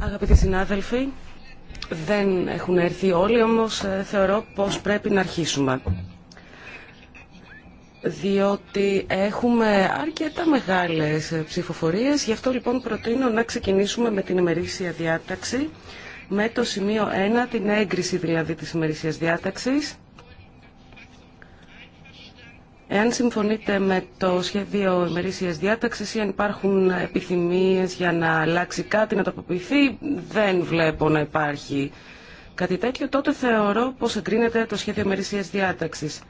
Αγαπητοί συνάδελφοι, δεν έχουν έρθει όλοι, όμως ε, θεωρώ πως πρέπει να αρχίσουμε. Διότι έχουμε αρκετά μεγάλες ε, ψηφοφορίες, γι' αυτό λοιπόν προτείνω να ξεκινήσουμε με την ημερήσια διάταξη, με το σημείο 1, την έγκριση δηλαδή της ημερήσιας διάταξης. Εάν συμφωνείτε με το σχέδιο ημερησία διάταξης ή αν υπάρχουν επιθυμίες για να αλλάξει κάτι, να τοποποιηθεί, δεν βλέπω να υπάρχει κάτι τέτοιο, τότε θεωρώ πως εγκρίνεται το σχέδιο ημερησία διάταξης.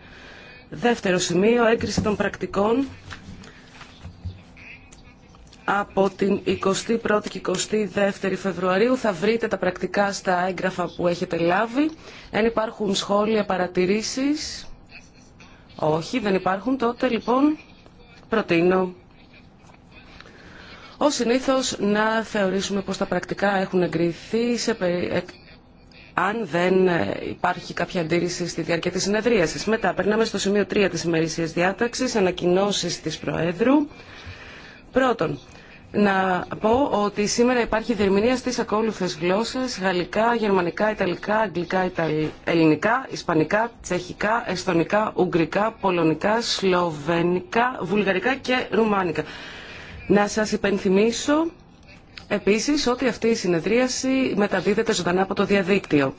Δεύτερο σημείο, έγκριση των πρακτικών από την 21η και 22η Φεβρουαρίου θα βρείτε τα πρακτικά στα έγγραφα που έχετε λάβει. έν υπάρχουν σχόλια, παρατηρήσεις, όχι, δεν υπάρχουν. Τότε λοιπόν προτείνω ως συνήθως να θεωρήσουμε πως τα πρακτικά έχουν εγκριθεί σε ε, αν δεν ε, υπάρχει κάποια αντίρρηση στη διάρκεια της συνεδρίασης. Μετά περνάμε στο σημείο 3 της ημερήσιας διάταξης, ανακοινώσεις της Προέδρου. Πρώτον, να πω ότι σήμερα υπάρχει διερμηνία στις ακόλουθες γλώσσες γαλλικά, γερμανικά, ιταλικά, αγγλικά, ελληνικά, ισπανικά, τσεχικά, εσθονικά, ουγγρικά, πολωνικά, σλοβενικά, βουλγαρικά και ρουμάνικα. Να σας υπενθυμίσω επίσης ότι αυτή η συνεδρίαση μεταδίδεται ζωντανά από το διαδίκτυο.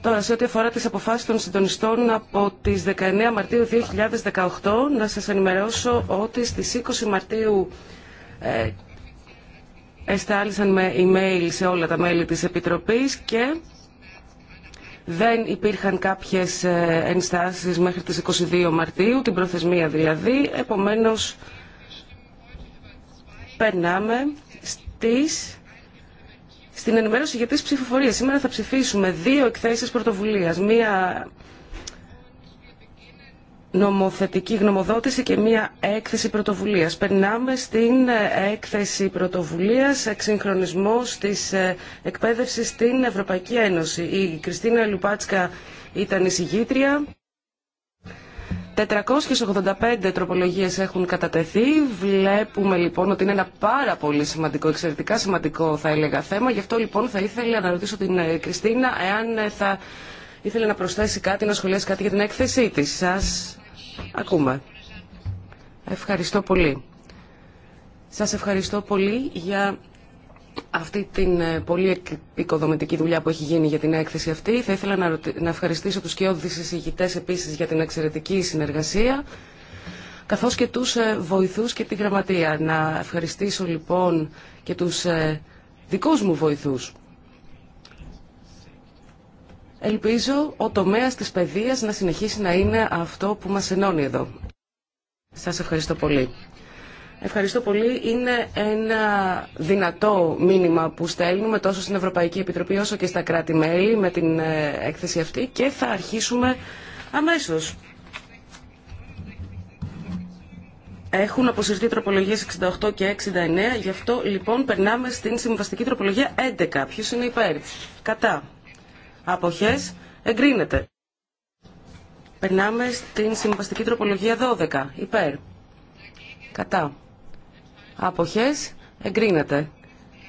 Τώρα, σε ό,τι αφορά τις αποφάσεις των συντονιστών από τις 19 Μαρτίου 2018, να σας ενημερώσω ότι στις 20 Μαρτίου ε, εστάλησαν με email σε όλα τα μέλη της Επιτροπής και δεν υπήρχαν κάποιες ε, ενστάσεις μέχρι τις 22 Μαρτίου, την προθεσμία δηλαδή, επομένως περνάμε στις, στην ενημέρωση για τις ψηφοφορίες. Σήμερα θα ψηφίσουμε δύο εκθέσεις πρωτοβουλίας, μία νομοθετική γνωμοδότηση και μία έκθεση πρωτοβουλίας. Περνάμε στην έκθεση πρωτοβουλίας εξυγχρονισμός της ε, εκπαίδευσης στην Ευρωπαϊκή Ένωση. Η Κριστίνα Λουπάτσκα ήταν η συγγήτρια. 485 τροπολογίες έχουν κατατεθεί. Βλέπουμε λοιπόν ότι είναι ένα πάρα πολύ σημαντικό, εξαιρετικά σημαντικό θα έλεγα θέμα. Γι' αυτό λοιπόν θα ήθελα να ρωτήσω την ε, Κριστίνα εάν ε, θα ήθελε να προσθέσει κάτι, να σχολιάσει κάτι για την έκθεσή της. Σας ακούμε. Ευχαριστώ πολύ. Σας ευχαριστώ πολύ για αυτή την ε, πολύ οικοδομητική δουλειά που έχει γίνει για την έκθεση αυτή. Θα ήθελα να, να ευχαριστήσω τους κοιόδης εισηγητές επίσης για την εξαιρετική συνεργασία, καθώς και τους ε, βοηθούς και τη γραμματεία. Να ευχαριστήσω λοιπόν και τους ε, δικούς μου βοηθούς. Ελπίζω ο τομέας της παιδείας να συνεχίσει να είναι αυτό που μας ενώνει εδώ. Σας ευχαριστώ πολύ. Ευχαριστώ πολύ. Είναι ένα δυνατό μήνυμα που στέλνουμε τόσο στην Ευρωπαϊκή Επιτροπή όσο και στα κράτη-μέλη με την ε, έκθεση αυτή και θα αρχίσουμε αμέσως. Έχουν αποσυρθεί τροπολογίες 68 και 69, γι' αυτό λοιπόν περνάμε στην συμβαστική τροπολογία 11. Ποιος είναι υπέρ, κατά αποχές εγκρίνεται. Περνάμε στην συμβαστική τροπολογία 12. Υπέρ. Κατά. Αποχές εγκρίνεται.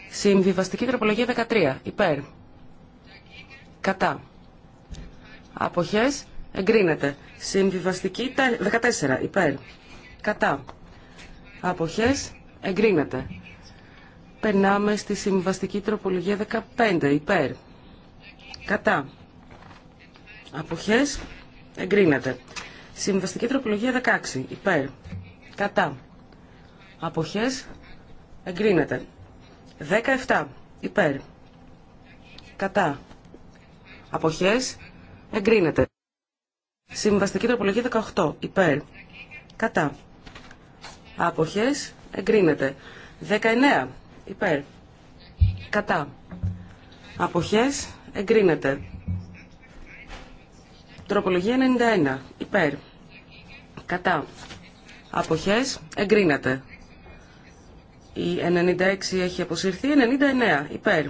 Συμβιβαστική τροπολογία 13. Υπέρ. Κατά. Αποχές εγκρίνεται. Συμβιβαστική 14. Υπέρ. Κατά. Αποχές εγκρίνεται. Περνάμε στη συμβιβαστική τροπολογία 15. Υπέρ. Κατά. Αποχές. Εγκρίνεται. Συμβαστική τροπολογία 16. Υπέρ. Κατά. Αποχές. Εγκρίνεται. 17. Υπέρ. Κατά. Αποχές. Εγκρίνεται. Συμβαστική τροπολογία 18. Υπέρ. Κατά. Αποχές. Εγκρίνεται. 19. Υπέρ. Κατά. Αποχές εγκρίνεται. Τροπολογία 91. Υπέρ. Κατά. Αποχές. Εγκρίνεται. Η 96 έχει αποσυρθεί. 99. Υπέρ.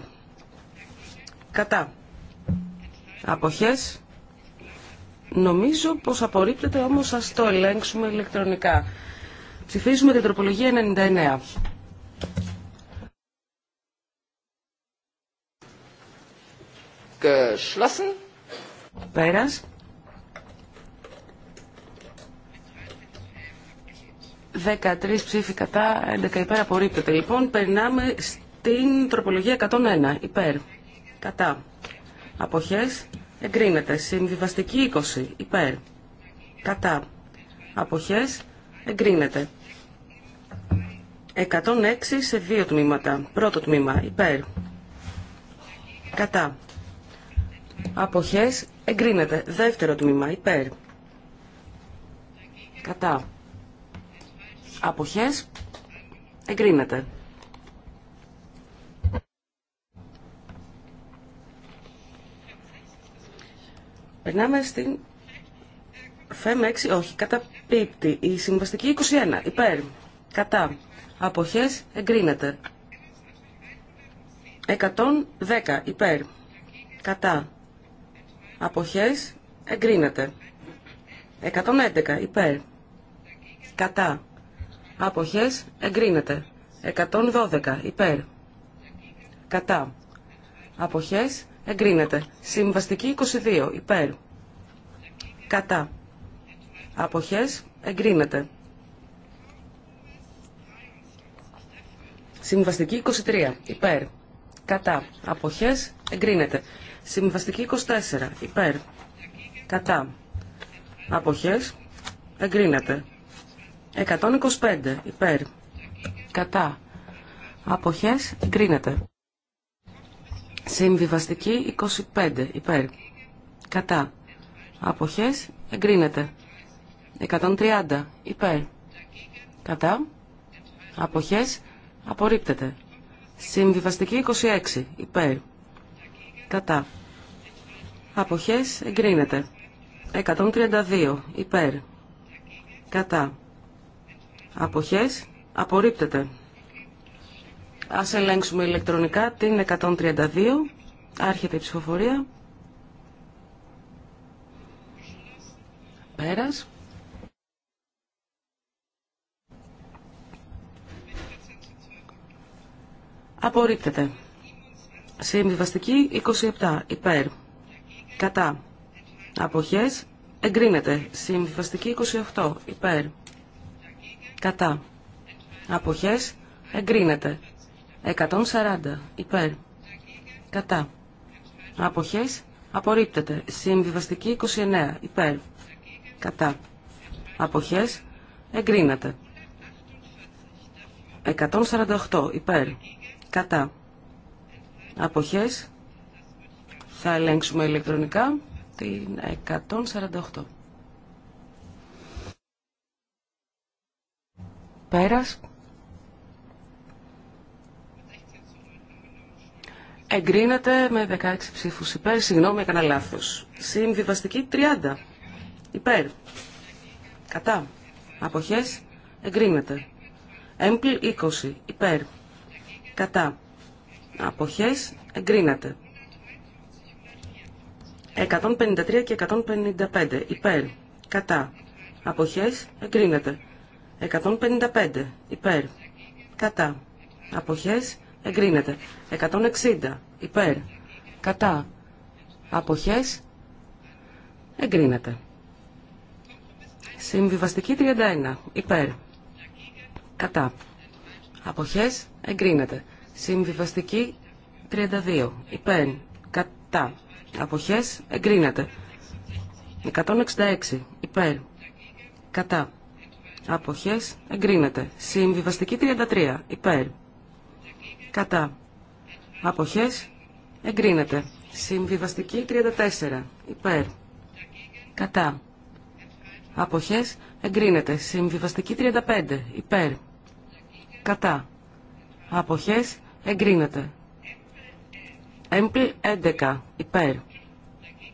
Κατά. Αποχές. Νομίζω πως απορρίπτεται όμως ας το ελέγξουμε ηλεκτρονικά. Ψηφίζουμε την τροπολογία 99. Geschlossen. Beides. 13 ψήφοι κατά, 11 υπέρ απορρίπτεται. Λοιπόν, περνάμε στην τροπολογία 101. Υπέρ. Κατά. Αποχές. Εγκρίνεται. Συμβιβαστική 20. Υπέρ. Κατά. Αποχές. Εγκρίνεται. 106 σε δύο τμήματα. Πρώτο τμήμα. Υπέρ. Κατά. Αποχές εγκρίνεται. Δεύτερο τμήμα υπέρ. Κατά. Αποχές εγκρίνεται. Περνάμε στην ΦΕΜ 6, όχι, κατά πίπτη. Η συμβαστική 21, υπέρ, κατά, αποχές, εγκρίνεται. 110, υπέρ, κατά, αποχές εγκρίνεται. 111 υπέρ. Κατά. Αποχές εγκρίνεται. 112 υπέρ. Κατά. Αποχές εγκρίνεται. Συμβαστική 22 υπέρ. Κατά. Αποχές εγκρίνεται. Συμβαστική 23 υπέρ. Κατά. Αποχές εγκρίνεται. Συμβαστική 24. Υπέρ. Κατά. Αποχές. Εγκρίνεται. 125. Υπέρ. Κατά. Αποχές. Εγκρίνεται. Συμβιβαστική 25. Υπέρ. Κατά. Αποχές. Εγκρίνεται. 130. Υπέρ. Κατά. Αποχές. Απορρίπτεται. Συμβιβαστική 26. Υπέρ. Κατά. Αποχές εγκρίνεται. 132. Υπέρ. Κατά. Αποχές απορρίπτεται. Ας ελέγξουμε ηλεκτρονικά την 132. Άρχεται η ψηφοφορία. Πέρας. Απορρίπτεται. Συμβιβαστική 27. Υπέρ. Κατά. Αποχές. Εγκρίνεται. Συμβιβαστική 28. Υπέρ. Κατά. Αποχές. Εγκρίνεται. 140. Υπέρ. Κατά. Αποχές. Απορρίπτεται. Συμβιβαστική 29. Υπέρ. Κατά. Αποχές. Εγκρίνεται. 148. Υπέρ. Κατά. Αποχές. Θα ελέγξουμε ηλεκτρονικά την 148. Πέρας. Εγκρίνεται με 16 ψήφους υπέρ. Συγγνώμη, έκανα λάθος. Συμβιβαστική 30. Υπέρ. Κατά. Αποχές. Εγκρίνεται. Έμπλ 20. Υπέρ. Κατά. Αποχές. Εγκρίνεται. 153 και 155 υπέρ. Κατά. Αποχές εγκρίνεται. 155 υπέρ. Κατά. Αποχές εγκρίνεται. 160 υπέρ. Κατά. Αποχές εγκρίνεται. Συμβιβαστική 31 υπέρ. Κατά. Αποχές εγκρίνεται. Συμβιβαστική 32 υπέρ. Κατά. Αποχές εγκρίνεται. 166 υπέρ. Κατά. Αποχές εγκρίνεται. Συμβιβαστική 33 υπέρ. Κατά. Αποχές εγκρίνεται. Συμβιβαστική 34 υπέρ. Κατά. Αποχές εγκρίνεται. Συμβιβαστική 35 υπέρ. Κατά. Αποχές εγκρίνεται. Έμπλ 11 υπέρ.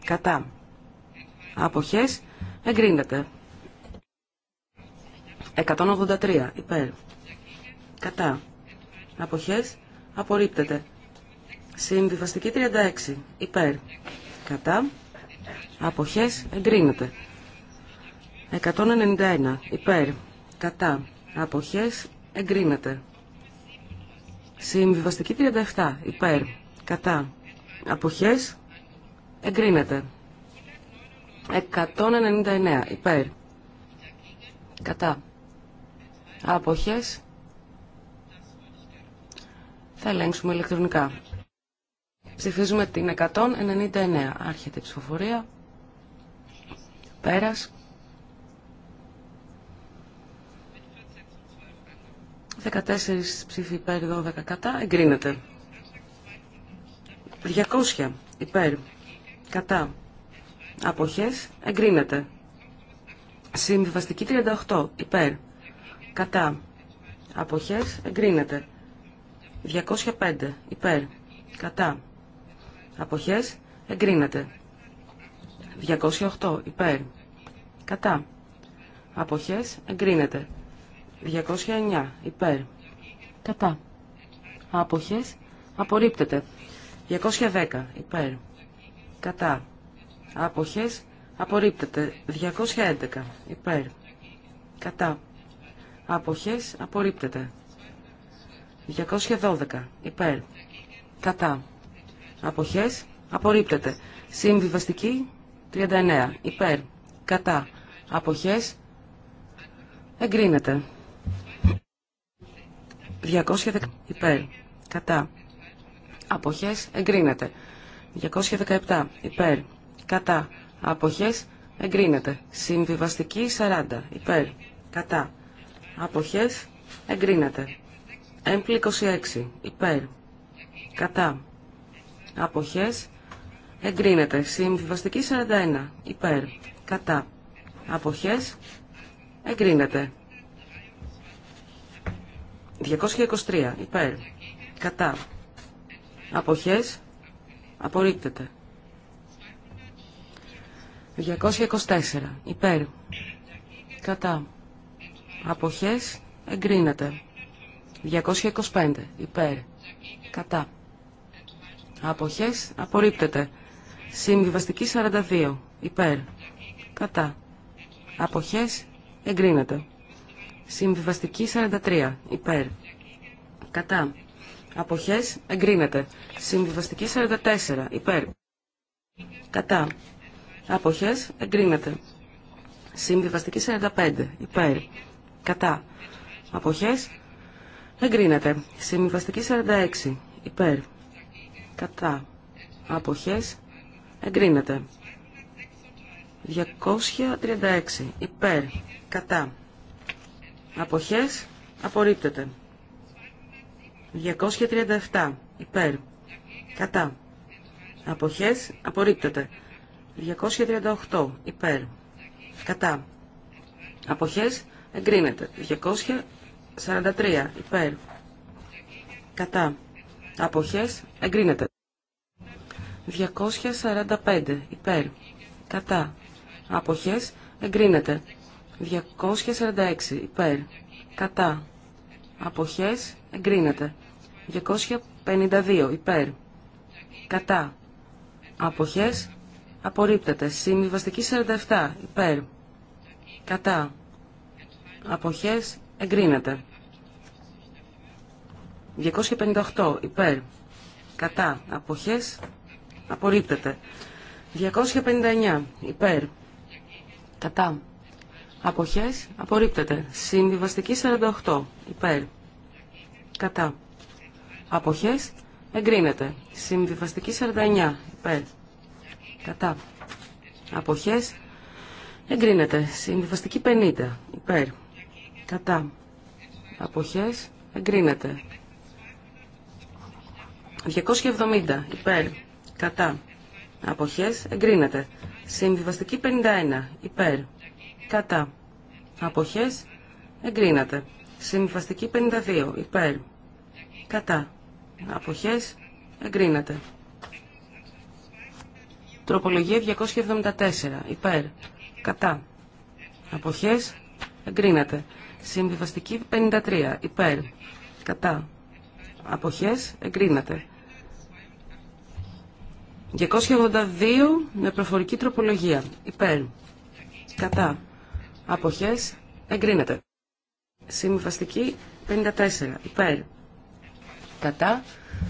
Κατά. Αποχές εγκρίνεται. 183 υπέρ. Κατά. Αποχές απορρίπτεται. Συμβιβαστική 36 υπέρ. Κατά. Αποχές εγκρίνεται. 191 υπέρ. Κατά. Αποχές εγκρίνεται. Συμβιβαστική 37 υπέρ κατά αποχές εγκρίνεται 199 υπέρ κατά αποχές θα ελέγξουμε ηλεκτρονικά ψηφίζουμε την 199 άρχεται η ψηφοφορία πέρας 14 ψήφοι υπέρ 12 κατά εγκρίνεται 200 υπέρ κατά αποχές εγκρίνεται. Συμβιβαστική 38 υπέρ κατά αποχές εγκρίνεται. 205 υπέρ κατά αποχές εγκρίνεται. 208 υπέρ κατά αποχές εγκρίνεται. 209 υπέρ κατά αποχές απορρίπτεται. 210 υπέρ. Κατά. Άποχες. Απορρίπτεται. 211 υπέρ. Κατά. Άποχες. Απορρίπτεται. 212 υπέρ. Κατά. Αποχές. Απορρίπτεται. Συμβιβαστική 39 υπέρ. Κατά. Αποχές. Εγκρίνεται. 210 υπέρ. Κατά αποχές εγκρίνεται. 217 υπέρ κατά αποχές εγκρίνεται. Συμβιβαστική 40 υπέρ κατά αποχές εγκρίνεται. Έμπλη 26 υπέρ κατά αποχές εγκρίνεται. Συμβιβαστική 41 υπέρ κατά αποχές εγκρίνεται. 223 υπέρ κατά Αποχές. Απορρίπτεται. 224. Υπέρ. Κατά. Αποχές. Εγκρίνεται. 225. Υπέρ. Κατά. Αποχές. Απορρίπτεται. Συμβιβαστική 42. Υπέρ. Κατά. Αποχές. Εγκρίνεται. Συμβιβαστική 43. Υπέρ. Κατά. Αποχές εγκρίνεται. Συμβιβαστική 44. Υπέρ. Κατά. Αποχές εγκρίνεται. Συμβιβαστική 45. Υπέρ. Κατά. Αποχές εγκρίνεται. Συμβιβαστική 46. Υπέρ. Κατά. Αποχές εγκρίνεται. 236. Υπέρ. Κατά. Αποχές απορρίπτεται. 237 υπέρ. Κατά. Αποχές απορρίπτεται. 238 υπέρ. Κατά. Αποχές εγκρίνεται. 243 υπέρ. Κατά. Αποχές εγκρίνεται. 245 υπέρ. Κατά. Αποχές εγκρίνεται. 246 υπέρ. Κατά. Αποχές εγκρίνεται. 252 υπέρ. Κατά. Αποχές. Απορρίπτεται. Συμβιβαστική 47 υπέρ. Κατά. Αποχές. Εγκρίνεται. 258 υπέρ. Κατά. Αποχές. Απορρίπτεται. 259 υπέρ. Κατά. Αποχές. Απορρίπτεται. Συμβιβαστική 48 υπέρ. Κατά. Αποχές εγκρίνεται. Συμβιβαστική 49 υπέρ. Κατά. Αποχές εγκρίνεται. Συμβιβαστική 50 υπέρ. Κατά. Αποχές εγκρίνεται. 270 υπέρ. Κατά. Αποχές εγκρίνεται. Συμβιβαστική 51 υπέρ. Κατά. Αποχές εγκρίνεται. Συμβιβαστική 52 υπέρ. Κατά αποχές εγκρίνεται. Τροπολογία 274 υπέρ κατά αποχές εγκρίνεται. Συμβιβαστική 53 υπέρ κατά αποχές εγκρίνεται. 282 με προφορική τροπολογία υπέρ κατά αποχές εγκρίνεται. Συμβιβαστική 54 υπέρ κατά,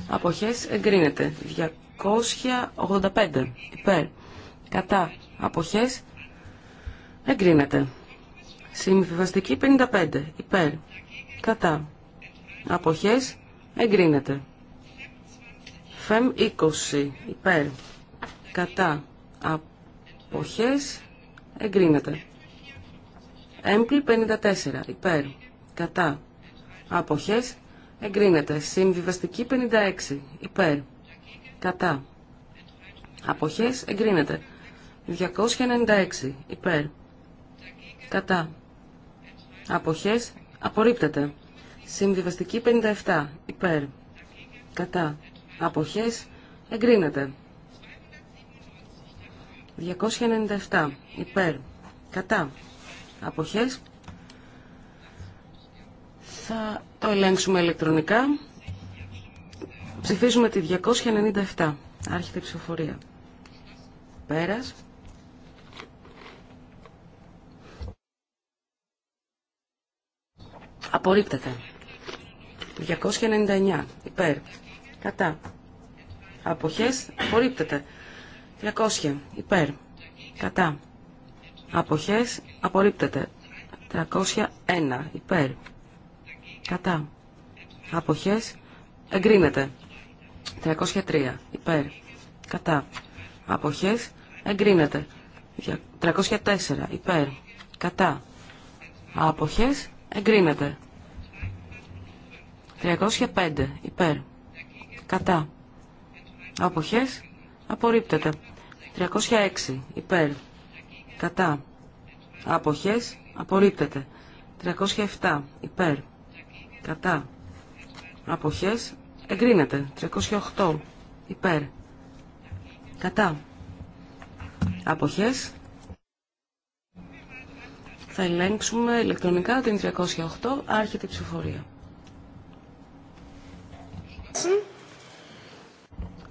αποχές εγκρίνεται. 285 υπέρ, κατά, αποχές εγκρίνεται. Συμφιβαστική 55 υπέρ, κατά, αποχές εγκρίνεται. ΦΕΜ 20 υπέρ, κατά, αποχές εγκρίνεται. Έμπλη 54 υπέρ, κατά, αποχές Εγκρίνεται. Συμβιβαστική 56. Υπέρ. Κατά. Αποχές. Εγκρίνεται. 296. Υπέρ. Κατά. Αποχές. Απορρίπτεται. Συμβιβαστική 57. Υπέρ. Κατά. Αποχές. Εγκρίνεται. 297. Υπέρ. Κατά. Αποχές. Θα το ελέγξουμε ηλεκτρονικά. Ψηφίζουμε τη 297. Άρχεται η ψηφοφορία. Πέρας. Απορρίπτεται. 299. Υπέρ. Κατά. Αποχές. Απορρίπτεται. 300. Υπέρ. Κατά. Αποχές. Απορρίπτεται. 301. Υπέρ. Κατά. Αποχές. Εγκρίνεται. 303. Υπέρ. Κατά. Αποχές. Εγκρίνεται. 304. Υπέρ. Κατά. Αποχές. Εγκρίνεται. 305. Υπέρ. Κατά. Αποχές. Απορρίπτεται. 306. Υπέρ. Κατά. Αποχές. Απορρίπτεται. 307. Υπέρ κατά αποχές εγκρίνεται 308 υπέρ κατά αποχές θα ελέγξουμε ηλεκτρονικά την 308 άρχεται η ψηφορία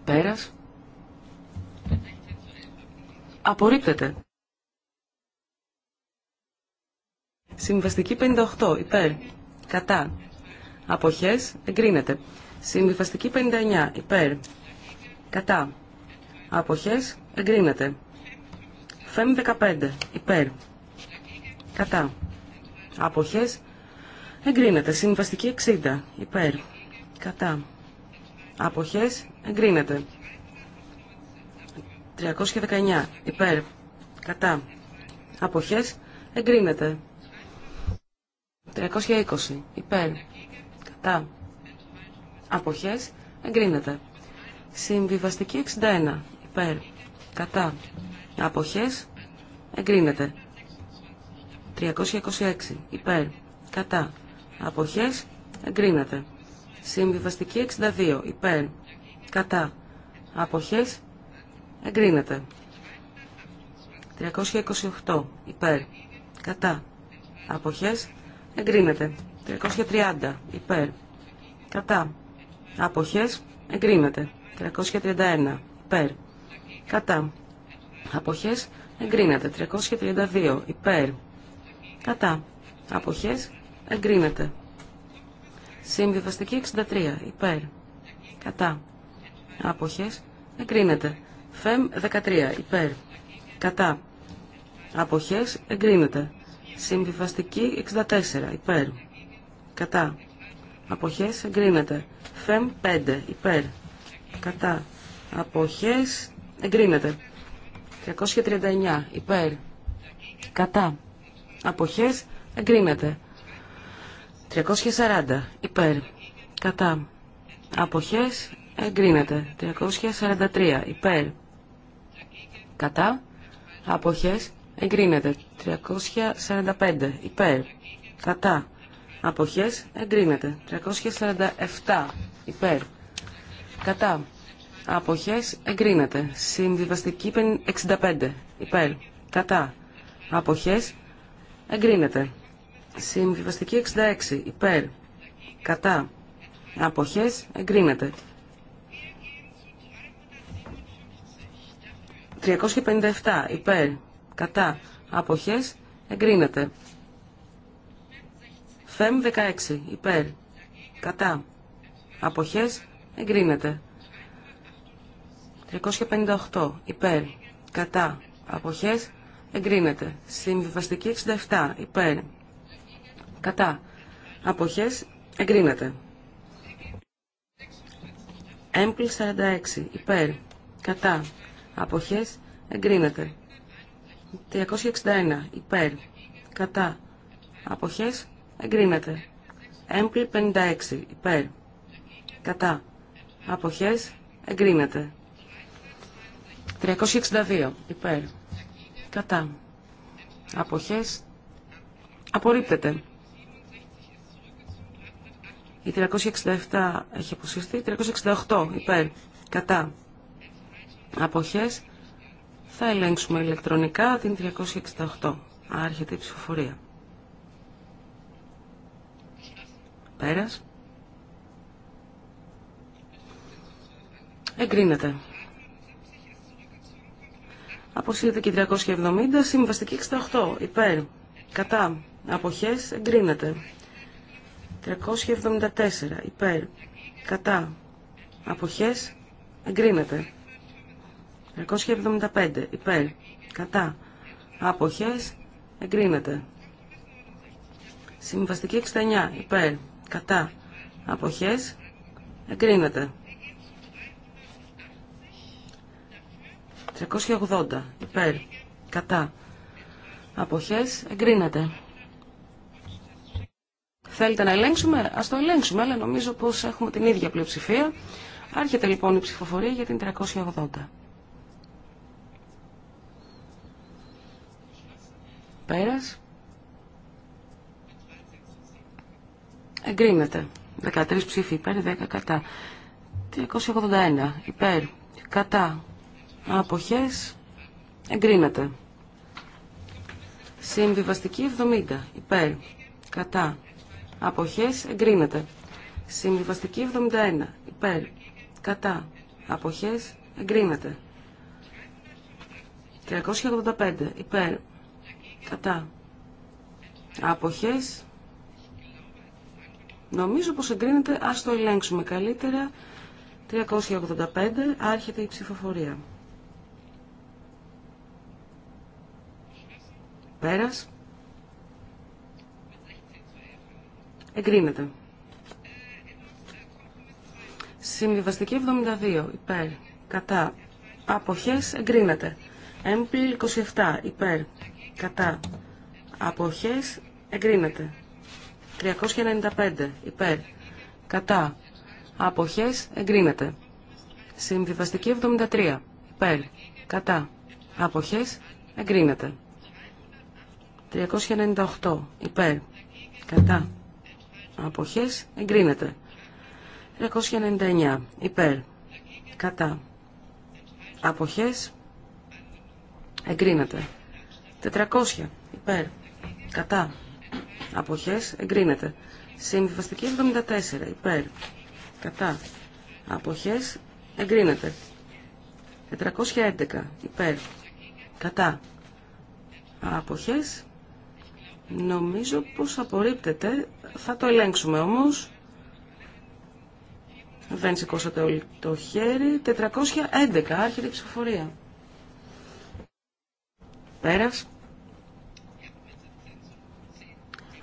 πέρας απορρίπτεται Συμβαστική 58 υπέρ κατά Αποχές εγκρίνεται. Συμβιβαστική 59 υπέρ. Κατά. Αποχές εγκρίνεται. Φέμ 15 υπέρ. Κατά. Αποχές εγκρίνεται. Συμβιβαστική 60 υπέρ. Κατά. Αποχές εγκρίνεται. 319 υπέρ. Κατά. Αποχές εγκρίνεται. 320 υπέρ κατά αποχές εγκρίνεται. Συμβιβαστική 61 υπέρ κατά αποχές εγκρίνεται. 326 υπέρ κατά αποχές εγκρίνεται. Συμβιβαστική 62 υπέρ κατά αποχές εγκρίνεται. 328 υπέρ κατά αποχές εγκρίνεται. 330 υπέρ. Κατά. Αποχές εγκρίνεται. 331 υπέρ. Κατά. Αποχές εγκρίνεται. 332 υπέρ. Κατά. Αποχές εγκρίνεται. Συμβιβαστική 63 υπέρ. Κατά. Αποχές εγκρίνεται. ΦΕΜ 13 υπέρ. Κατά. Αποχές εγκρίνεται. Συμβιβαστική 64 υπέρ κατά, αποχές εγκρίνεται. Φεμ 5 υπέρ, κατά, αποχές εγκρίνεται. 339 υπέρ, κατά, αποχές εγκρίνεται. 340 υπέρ, κατά, αποχές εγκρίνεται. 343 υπέρ, κατά, αποχές εγκρίνεται. 345 υπέρ, κατά, Αποχές εγκρίνεται. 347 υπέρ. Κατά. Αποχές εγκρίνεται. Συμβιβαστική 65 υπέρ. Κατά. Αποχές εγκρίνεται. Συμβιβαστική 66 υπέρ. Κατά. Αποχές εγκρίνεται. 357 υπέρ. Κατά. Αποχές εγκρίνεται. Φεμ 16. Υπέρ. Κατά. Αποχές. Εγκρίνεται. 358. Υπέρ. Κατά. Αποχές. Εγκρίνεται. Συμβιβαστική 67. Υπέρ. Κατά. Αποχές. Εγκρίνεται. Έμπλη 46. Υπέρ. Κατά. Αποχές. Εγκρίνεται. 361. Υπέρ. Κατά. Αποχές. Εγκρίνεται. Έμπλη 56. Υπέρ. Κατά. Αποχές. Εγκρίνεται. 362. Υπέρ. Κατά. Αποχές. Απορρίπτεται. Η 367 έχει αποσυρθεί. 368. Υπέρ. Κατά. Αποχές. Θα ελέγξουμε ηλεκτρονικά την 368. Άρχεται η ψηφοφορία. Πέρας. Εγκρίνεται. Αποσύρεται και 370, συμβαστική 68, υπέρ, κατά, αποχές, εγκρίνεται. 374, υπέρ, κατά, αποχές, εγκρίνεται. 375, υπέρ, κατά, αποχές, εγκρίνεται. Συμβαστική 69, υπέρ, κατά αποχές εγκρίνεται. 380 υπέρ κατά αποχές εγκρίνεται. Θέλετε να ελέγξουμε, ας το ελέγξουμε, αλλά νομίζω πως έχουμε την ίδια πλειοψηφία. Άρχεται λοιπόν η ψηφοφορία για την 380. Πέρας. Εγκρίνεται. 13 ψήφοι υπέρ, 10 κατά. 381 υπέρ, κατά. Αποχές. Εγκρίνεται. Συμβιβαστική 70 υπέρ, κατά. Αποχές. Εγκρίνεται. Συμβιβαστική 71 υπέρ, κατά. Αποχές. Εγκρίνεται. 385 υπέρ, κατά. Αποχές Νομίζω πως εγκρίνεται, ας το ελέγξουμε καλύτερα. 385, άρχεται η ψηφοφορία. Πέρας. Εγκρίνεται. Συμβιβαστική 72, υπέρ. Κατά. Αποχές, εγκρίνεται. Έμπλη 27, υπέρ. Κατά. Αποχές, εγκρίνεται. 395 υπέρ κατά αποχές εγκρίνεται. Συμβιβαστική 73 υπέρ κατά αποχές εγκρίνεται. 398 υπέρ κατά αποχές εγκρίνεται. 399 υπέρ κατά αποχές εγκρίνεται. 400 υπέρ κατά Αποχές εγκρίνεται. Συμβιβαστική 74. Υπέρ. Κατά. Αποχές εγκρίνεται. 411. Υπέρ. Κατά. Αποχές. Νομίζω πως απορρίπτεται. Θα το ελέγξουμε όμως. Δεν σηκώσατε όλοι το χέρι. 411. Άρχεται η ψηφοφορία. Πέρας.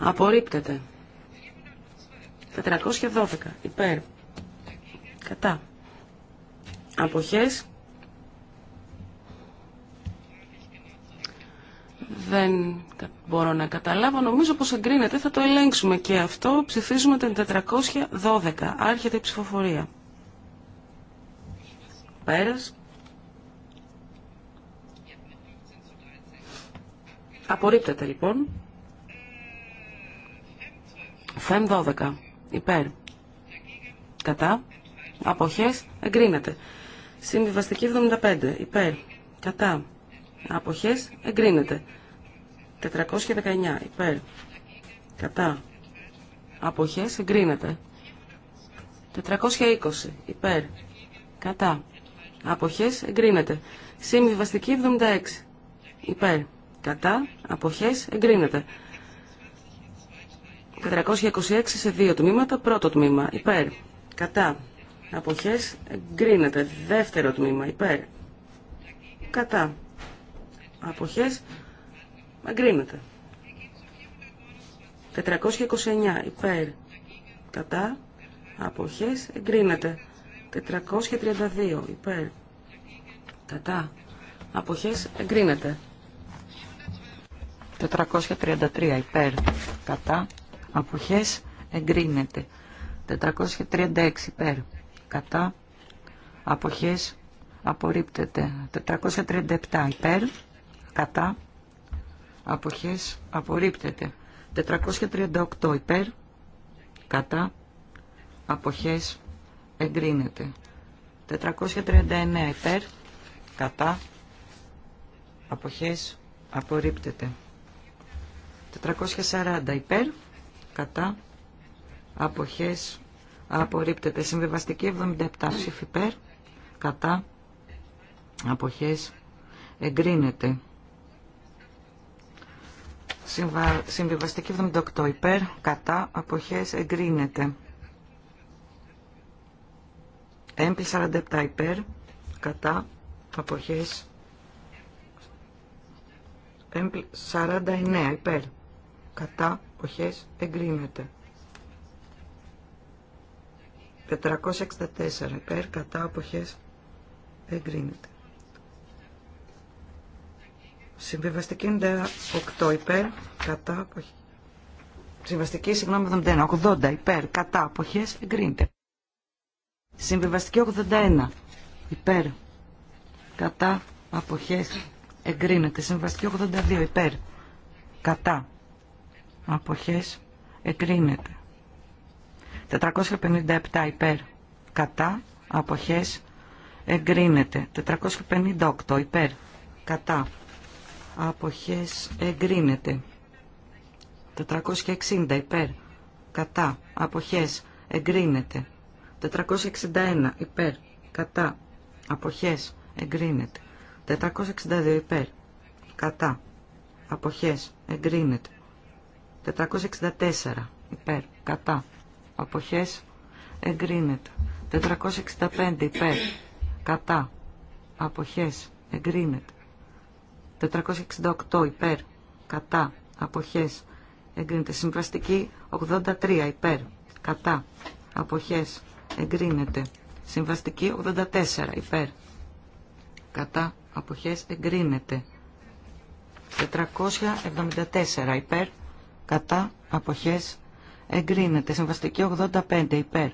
Απορρίπτεται. 412. Υπέρ. Κατά. Αποχές. Δεν μπορώ να καταλάβω. Νομίζω πως εγκρίνεται. Θα το ελέγξουμε και αυτό. Ψηφίζουμε την 412. Άρχεται η ψηφοφορία. Πέρας. Απορρίπτεται λοιπόν. ΦΕΜ 12. Υπέρ. Κατά. Αποχές. Εγκρίνεται. Συμβιβαστική 75. Υπέρ. Κατά. Αποχές. Εγκρίνεται. 419. Υπέρ. Κατά. Αποχές. Εγκρίνεται. 420. Υπέρ. Κατά. Αποχές. Εγκρίνεται. Συμβιβαστική 76. Υπέρ. Κατά. Αποχές. Εγκρίνεται. 426 σε δύο τμήματα. Πρώτο τμήμα υπέρ. Κατά. Αποχές εγκρίνεται. Δεύτερο τμήμα υπέρ. Κατά. Αποχές εγκρίνεται. 429 υπέρ. Κατά. Αποχές εγκρίνεται. 432 υπέρ. Κατά. Αποχές εγκρίνεται. 433 υπέρ. Κατά αποχές εγκρίνεται. 436 υπέρ κατά αποχές απορρίπτεται. 437 υπέρ κατά αποχές απορρίπτεται. 438 υπέρ κατά αποχές εγκρίνεται. 439 υπέρ, κατά, αποχές, απορρίπτεται. 440 υπέρ, κατά αποχές απορρίπτεται. Συμβιβαστική 77 ψήφι υπέρ κατά αποχές εγκρίνεται. Συμβα... Συμβιβαστική 78 υπέρ κατά αποχές εγκρίνεται. Έμπλη 47 υπέρ κατά αποχές Έμπλη 49 υπέρ κατά αποχές εγκρίνεται. 464 υπέρ κατά εποχές εγκρίνεται. Συμβιβαστική 98 υπέρ κατά εποχές. Συμβαστική, συγγνώμη, 71. 80 υπέρ κατά αποχές εγκρίνεται. Συμβιβαστική 81 υπέρ κατά αποχές εγκρίνεται. Συμβιβαστική 82 υπέρ κατά αποχές εγκρίνεται. 457 υπέρ κατά αποχές εγκρίνεται. 458 υπέρ κατά αποχές εγκρίνεται. 460 υπέρ κατά αποχές εγκρίνεται. 461 υπέρ κατά αποχές εγκρίνεται. 462 υπέρ κατά αποχές εγκρίνεται. 464 υπέρ κατά αποχές εγκρίνεται 465 υπέρ κατά αποχές εγκρίνεται 468 υπέρ κατά αποχές εγκρίνεται συμβαστική 83 υπέρ κατά αποχές εγκρίνεται συμβαστική 84 υπέρ κατά αποχές εγκρίνεται 474 υπέρ κατά αποχές εγκρίνεται. Συμβαστική 85 υπέρ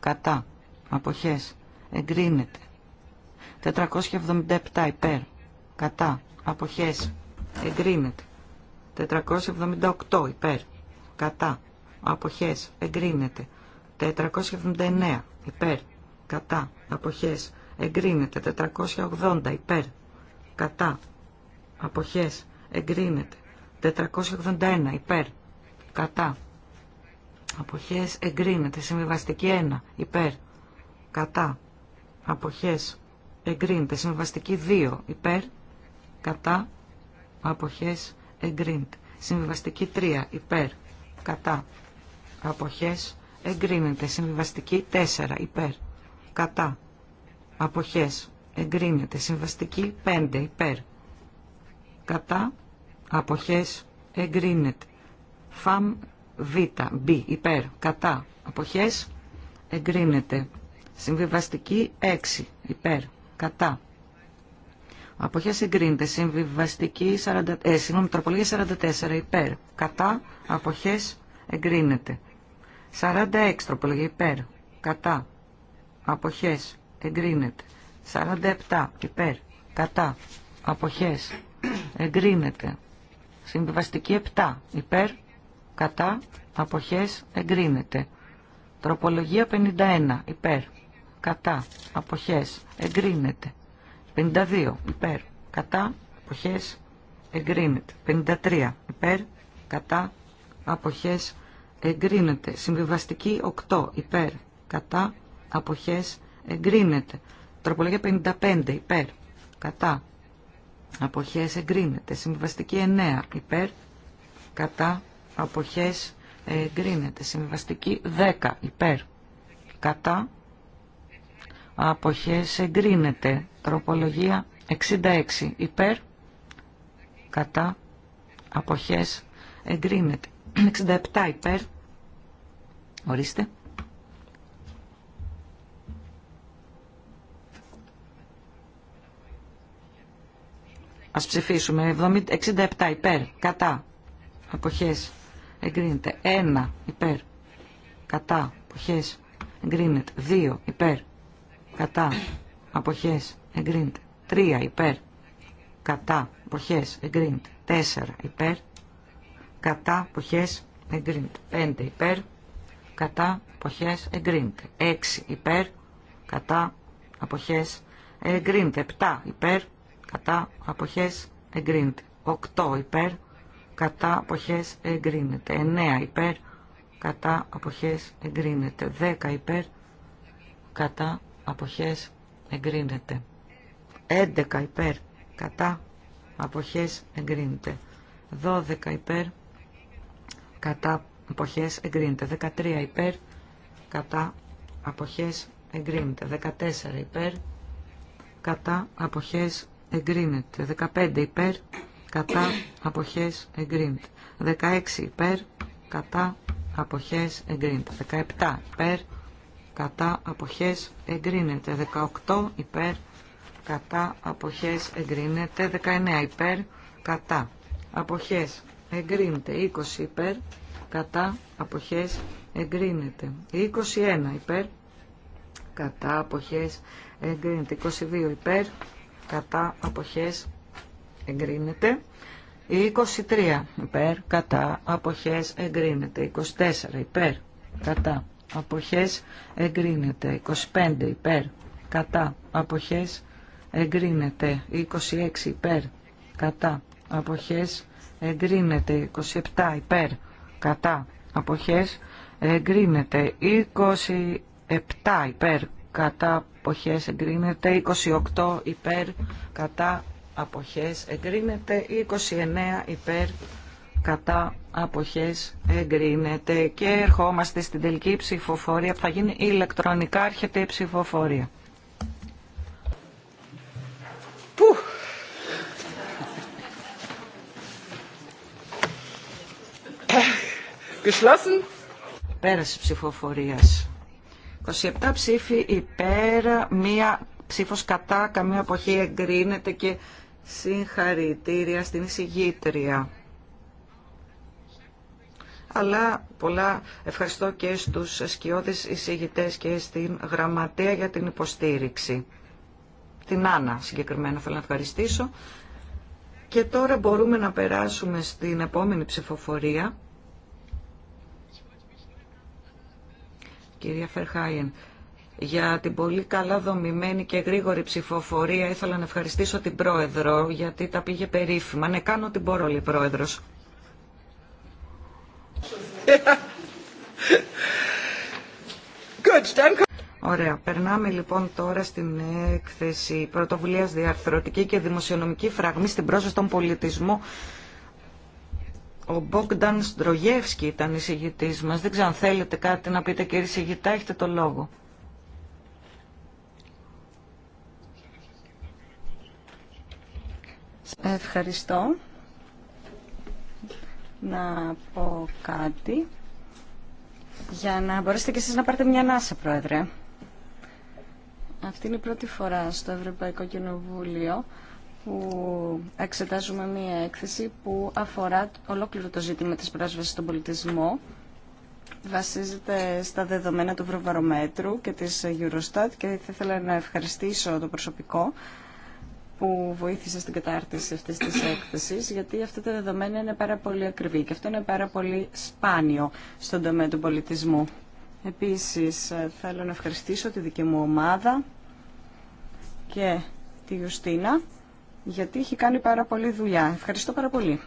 κατά αποχές εγκρίνεται. 477 υπέρ κατά αποχές εγκρίνεται. 478 υπέρ κατά αποχές εγκρίνεται. 479 υπέρ κατά αποχές εγκρίνεται. 480 υπέρ κατά αποχές εγκρίνεται. 481 υπέρ. Κατά. Αποχές εγκρίνεται. Συμβιβαστική 1 υπέρ. Κατά. Αποχές εγκρίνεται. Συμβιβαστική 2 υπέρ. Κατά. Αποχές εγκρίνεται. Συμβιβαστική 3 υπέρ. Κατά. Αποχές εγκρίνεται. Συμβιβαστική 4 υπέρ. Κατά. Αποχές εγκρίνεται. Συμβαστική 5 υπέρ. Κατά αποχές εγκρίνεται. Φαμ Β, Β, υπέρ, κατά, αποχές εγκρίνεται. Συμβιβαστική 6, υπέρ, κατά. Αποχές εγκρίνεται. Συμβιβαστική 40, ε, συγγνώμη, 44, υπέρ, κατά, αποχές εγκρίνεται. 46, τροπολογία υπέρ, κατά, αποχές εγκρίνεται. 47, υπέρ, κατά, αποχές εγκρίνεται. Συμβιβαστική 7. Υπέρ, κατά, αποχές, εγκρίνεται. Τροπολογία 51. Υπέρ, κατά, αποχές, εγκρίνεται. 52. Υπέρ, κατά, αποχές, εγκρίνεται. 53. Υπέρ, κατά, αποχές, εγκρίνεται. Συμβιβαστική 8. Υπέρ, κατά, αποχές, εγκρίνεται. Τροπολογία 55. Υπέρ, κατά, αποχές εγκρίνεται. Συμβιβαστική 9 υπέρ, κατά, αποχές εγκρίνεται. Συμβιβαστική 10 υπέρ, κατά, αποχές εγκρίνεται. Τροπολογία 66 υπέρ, κατά, αποχές εγκρίνεται. 67 υπέρ, ορίστε, Ας ψηφίσουμε. 67 υπέρ. Κατά. Αποχές. Εγκρίνεται. 1 υπέρ. Κατά. Αποχές. Εγκρίνεται. 2 υπέρ. Κατά. Αποχές. Εγκρίνεται. 3 υπέρ. Κατά. Αποχές. Εγκρίνεται. 4 υπέρ. Κατά. Αποχές. Εγκρίνεται. 5 υπέρ. Κατά. Αποχές. Εγκρίνεται. 6 υπέρ. Κατά. Αποχές. Εγκρίνεται. 7 υπέρ κατά αποχές εγκρίνεται. 8 υπέρ κατά αποχές εγκρίνεται. 9 υπέρ κατά αποχές εγκρίνεται. 10 υπέρ κατά αποχές εγκρίνεται. 11 υπέρ κατά αποχές εγκρίνεται. 12 υπέρ κατά αποχές εγκρίνεται. 13 υπέρ κατά αποχές εγκρίνεται. 14 υπέρ κατά αποχές εγκρίνεται. 15 υπέρ, κατά, αποχές, εγκρίνεται. 16 υπέρ, κατά, αποχές, εγκρίνεται. 17 υπέρ, κατά, αποχές, εγκρίνεται. 18 υπέρ, κατά, αποχές, εγκρίνεται. 19 υπέρ, κατά, αποχές, εγκρίνεται. 20 υπέρ, κατά, αποχές, εγκρίνεται. 21 υπέρ, κατά, αποχές, εγκρίνεται. 22 υπέρ, κατά αποχές εγκρίνεται. 23 υπέρ κατά αποχές εγκρίνεται. 24 υπέρ κατά αποχές εγκρίνεται. 25 υπέρ κατά αποχές εγκρίνεται. 26 υπέρ κατά αποχές εγκρίνεται. 27 υπέρ κατά αποχές εγκρίνεται. 27 υπέρ κατά αποχές εγκρίνεται, 28 υπέρ κατά αποχές εγκρίνεται, 29 υπέρ κατά αποχές εγκρίνεται και ερχόμαστε στην τελική ψηφοφορία που θα γίνει ηλεκτρονικά έρχεται η ψηφοφορία. Που. Geschlossen. Πέραση ψηφοφορίας. 27 ψήφοι υπέρ, μία ψήφος κατά, καμία αποχή εγκρίνεται και συγχαρητήρια στην εισηγήτρια. Αλλά πολλά ευχαριστώ και στους σκιώδεις εισηγητές και στην γραμματέα για την υποστήριξη. Την Άννα συγκεκριμένα θέλω να ευχαριστήσω. Και τώρα μπορούμε να περάσουμε στην επόμενη ψηφοφορία. κυρία Φερχάιεν, για την πολύ καλά δομημένη και γρήγορη ψηφοφορία. Ήθελα να ευχαριστήσω την Πρόεδρο, γιατί τα πήγε περίφημα. Ναι, κάνω την μπορώ, λέει Πρόεδρος. Ωραία. Περνάμε λοιπόν τώρα στην έκθεση πρωτοβουλίας διαρθρωτική και δημοσιονομική φραγμή στην πρόσβαση των πολιτισμού ο Μπόγκνταν Στρογεύσκη ήταν συγητή μα. Δεν ξέρω αν θέλετε κάτι να πείτε κύριε συγητά, έχετε το λόγο. Ευχαριστώ. Να πω κάτι για να μπορέσετε και εσείς να πάρετε μια ανάσα, Πρόεδρε. Αυτή είναι η πρώτη φορά στο Ευρωπαϊκό Κοινοβούλιο που εξετάζουμε μία έκθεση που αφορά ολόκληρο το ζήτημα της πρόσβασης στον πολιτισμό. Βασίζεται στα δεδομένα του Βροβαρομέτρου και της Eurostat και θα ήθελα να ευχαριστήσω το προσωπικό που βοήθησε στην κατάρτιση αυτής της έκθεσης, γιατί αυτά τα δεδομένα είναι πάρα πολύ ακριβή και αυτό είναι πάρα πολύ σπάνιο στον τομέα του πολιτισμού. Επίσης, θέλω να ευχαριστήσω τη δική μου ομάδα και τη Ιουστίνα γιατί έχει κάνει πάρα πολύ δουλειά. Ευχαριστώ πάρα πολύ.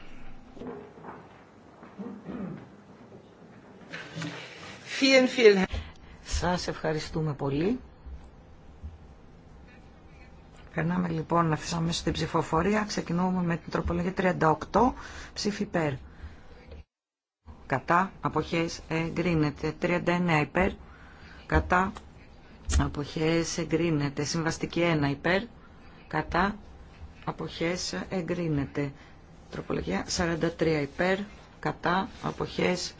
Σας ευχαριστούμε πολύ. Περνάμε λοιπόν αφήσαμε στην ψηφοφορία. Ξεκινούμε με την τροπολογία 38, ψήφι υπέρ. Κατά, αποχές, εγκρίνεται. 39 υπέρ, κατά, αποχές, εγκρίνεται. Συμβαστική 1 υπέρ, κατά, αποχές εγκρίνεται. Τροπολογία 43 υπέρ, κατά, αποχές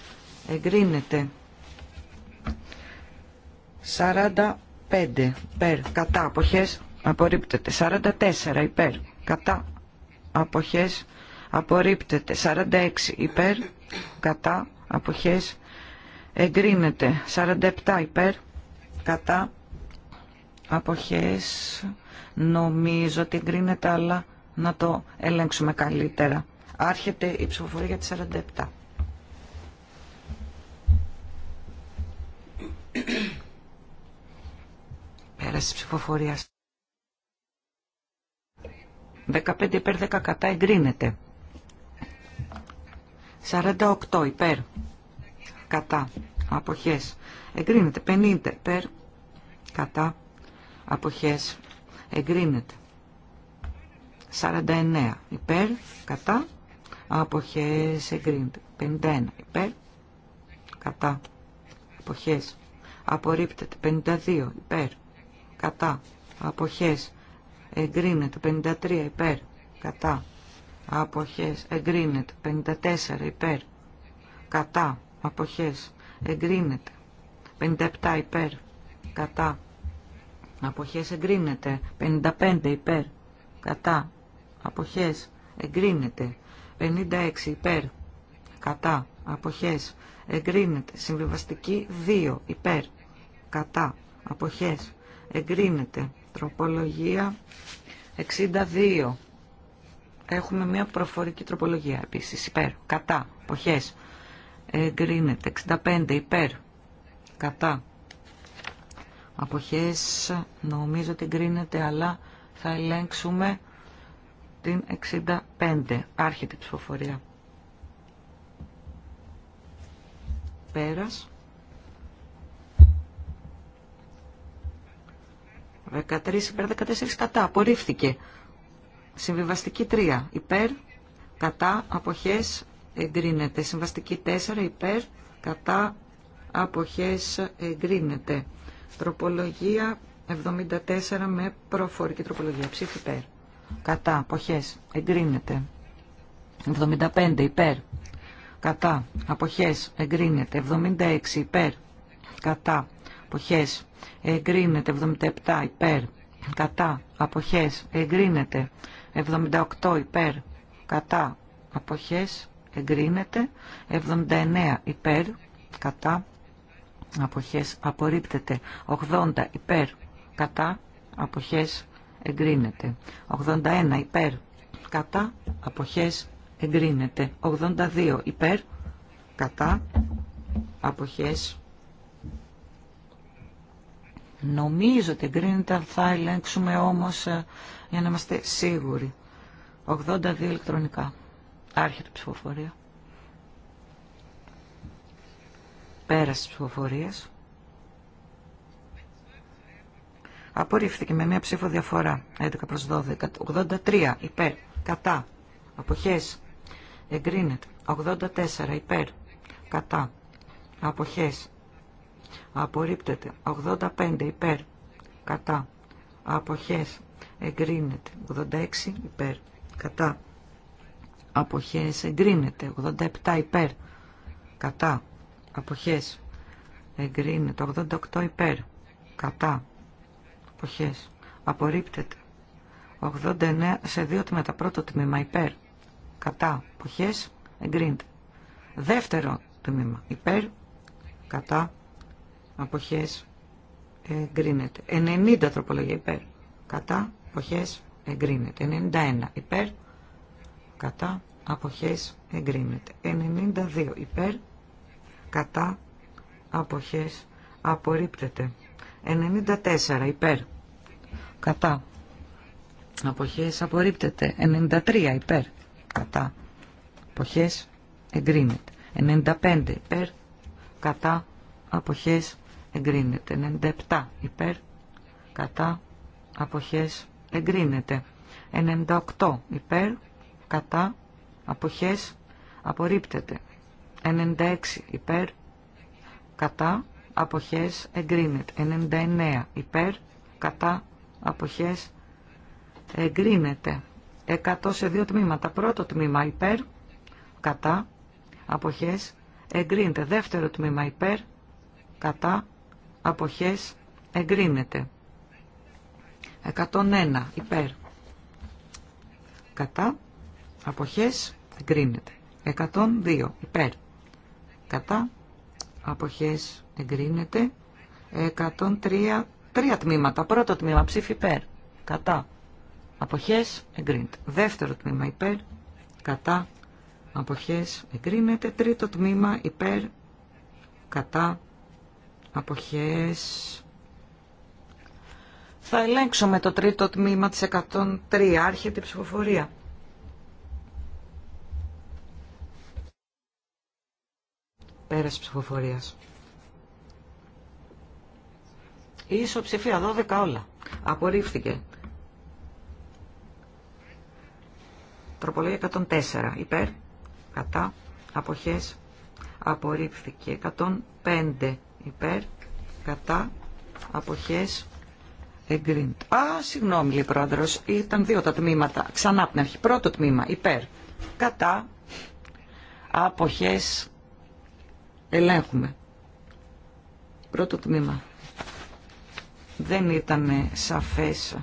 εγκρίνεται. 45 υπέρ, κατά, αποχές απορρίπτεται. 44 υπέρ, κατά, αποχές απορρίπτεται. 46 υπέρ, κατά, αποχές εγκρίνεται. 47 υπέρ, κατά, αποχές Νομίζω ότι εγκρίνεται, αλλά να το ελέγξουμε καλύτερα. Άρχεται η ψηφοφορία για τις 47. Πέραση ψηφοφορία. 15 υπέρ 10 κατά εγκρίνεται. 48 υπέρ κατά αποχές. Εγκρίνεται 50 υπέρ κατά αποχές εγκρίνεται. 49 υπέρ, κατά, αποχές εγκρίνεται. 51 υπέρ, κατά, αποχές απορρίπτεται. 52 υπέρ, κατά, αποχές εγκρίνεται. 53 υπέρ, κατά, αποχές εγκρίνεται. 54 υπέρ, κατά, αποχές εγκρίνεται. 57 υπέρ, κατά, Αποχές εγκρίνεται. 55 υπέρ. Κατά. Αποχές εγκρίνεται. 56 υπέρ. Κατά. Αποχές εγκρίνεται. Συμβιβαστική 2 υπέρ. Κατά. Αποχές εγκρίνεται. Τροπολογία 62. Έχουμε μια προφορική τροπολογία επίσης. Υπέρ. Κατά. Αποχές εγκρίνεται. 65 υπέρ. Κατά αποχές νομίζω ότι εγκρίνεται αλλά θα ελέγξουμε την 65 άρχεται η ψηφοφορία πέρας 13 υπέρ 14 κατά απορρίφθηκε συμβιβαστική 3 υπέρ κατά αποχές εγκρίνεται συμβαστική 4 υπέρ κατά αποχές εγκρίνεται Τροπολογία 74 με προφορική τροπολογία. Ψήφι υπέρ. Κατά. Αποχές. Εγκρίνεται. 75 υπέρ. Κατά. Αποχές. Εγκρίνεται. 76 υπέρ. Κατά. Αποχές. Εγκρίνεται. 77 υπέρ. Κατά. Αποχές. Εγκρίνεται. 78 υπέρ. Κατά. Αποχές. Εγκρίνεται. 79 υπέρ. Κατά αποχές απορρίπτεται 80 υπέρ κατά αποχές εγκρίνεται 81 υπέρ κατά αποχές εγκρίνεται 82 υπέρ κατά αποχές νομίζω ότι εγκρίνεται θα ελέγξουμε όμως ε, για να είμαστε σίγουροι 82 ηλεκτρονικά άρχεται ψηφοφορία Πέραση της ψηφοφορίας. Απορρίφθηκε με μία ψήφο διαφορά. 11 προς 12. 83 υπέρ. Κατά. Αποχές. Εγκρίνεται. 84 υπέρ. Κατά. Αποχές. Απορρίπτεται. 85 υπέρ. Κατά. Αποχές. Εγκρίνεται. 86 υπέρ. Κατά. Αποχές. Εγκρίνεται. 87 υπέρ. Κατά αποχές εγκρίνεται 88 υπέρ κατά αποχές απορρίπτεται 89 σε δύο τμήματα πρώτο τμήμα υπέρ κατά αποχές εγκρίνεται δεύτερο τμήμα υπέρ κατά αποχές εγκρίνεται 90 τροπολογία υπέρ κατά αποχές εγκρίνεται 91 υπέρ κατά αποχές εγκρίνεται 92 υπέρ κατά αποχές απορρίπτεται 94 υπέρ κατά αποχές απορρίπτεται 93 υπέρ κατά αποχές εγκρίνεται 95 υπέρ κατά αποχές εγκρίνεται 97 υπέρ κατά αποχές εγκρίνεται 98 υπέρ κατά αποχές απορρίπτεται 96 υπέρ κατά αποχές εγκρίνεται. 99 υπέρ κατά αποχές εγκρίνεται. 100 σε δύο τμήματα. Πρώτο τμήμα υπέρ κατά αποχές εγκρίνεται. Δεύτερο τμήμα υπέρ κατά αποχές εγκρίνεται. 101 υπέρ κατά αποχές εγκρίνεται. 102 υπέρ κατά αποχές εγκρίνεται 103 τρία τμήματα πρώτο τμήμα ψήφι υπέρ κατά αποχές εγκρίνεται δεύτερο τμήμα υπέρ κατά αποχές εγκρίνεται τρίτο τμήμα υπέρ κατά αποχές θα ελέγξουμε το τρίτο τμήμα της 103 άρχεται η ψηφοφορία Πέρας ψηφοφορίας. Η ισοψηφία 12 όλα. Απορρίφθηκε. Τροπολογία 104. Υπέρ. Κατά. Αποχές. Απορρίφθηκε. 105. Υπέρ. Κατά. Αποχές. Εγκρίντ. Α, συγγνώμη, λέει πρόεδρος. Ήταν δύο τα τμήματα. Ξανά από Πρώτο τμήμα. Υπέρ. Κατά. Αποχές. Ελέγχουμε. Πρώτο τμήμα. Δεν ήταν σαφές.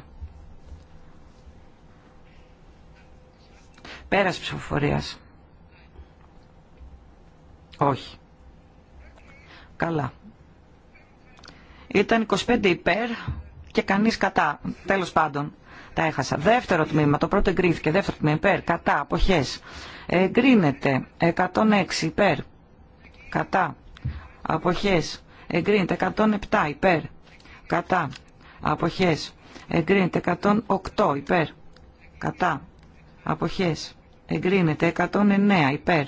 Πέρας ψηφοφορίας. Όχι. Καλά. Ήταν 25 υπέρ και κανείς κατά. Τέλος πάντων. Τα έχασα. Δεύτερο τμήμα. Το πρώτο εγκρίθηκε. Δεύτερο τμήμα υπέρ. Κατά. Αποχές. Εγκρίνεται. 106 υπέρ κατά, αποχές, εγκρίνεται 107 υπέρ, κατά, αποχές, εγκρίνεται 108 υπέρ, κατά, αποχές, εγκρίνεται 109 υπέρ,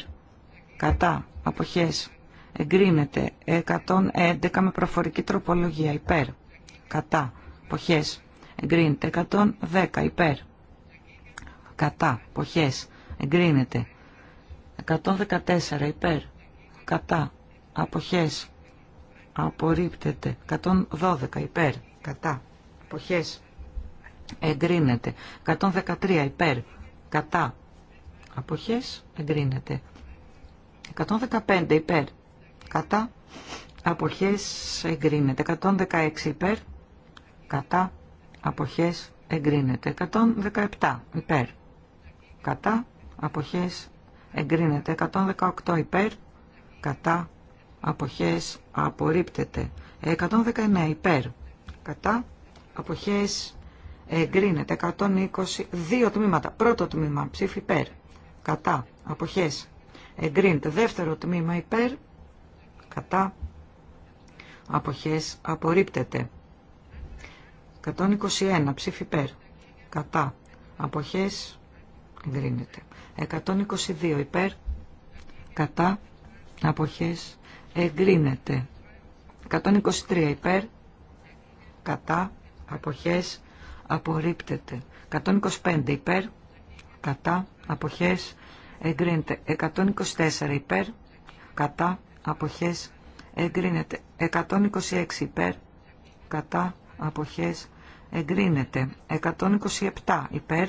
κατά, αποχές, εγκρίνεται 111 με προφορική τροπολογία υπέρ, κατά, αποχές, εγκρίνεται 110 υπέρ, κατά, αποχές, εγκρίνεται 114 υπέρ, κατά αποχές απορρίπτεται 112 υπέρ κατά αποχές εγκρίνεται 113 υπέρ κατά αποχές εγκρίνεται 115 υπέρ κατά αποχές εγκρίνεται 116 υπέρ κατά αποχές εγκρίνεται 117 υπέρ κατά αποχές εγκρίνεται 118 υπέρ κατά αποχές απορρίπτεται 119 υπέρ κατά αποχές εγκρίνεται 120 δύο τμήματα πρώτο τμήμα ψήφι υπέρ κατά αποχές εγκρίνεται δεύτερο τμήμα υπέρ κατά αποχές απορρίπτεται 121 ψήφι υπέρ κατά αποχές εγκρίνεται 122 υπέρ κατά αποχές εγκρίνεται. 123 υπέρ, κατά, αποχές απορρίπτεται. 125 υπέρ, κατά, αποχές εγκρίνεται. 124 υπέρ, κατά, αποχές εγκρίνεται. 126 υπέρ, κατά, αποχές εγκρίνεται. 127 υπέρ,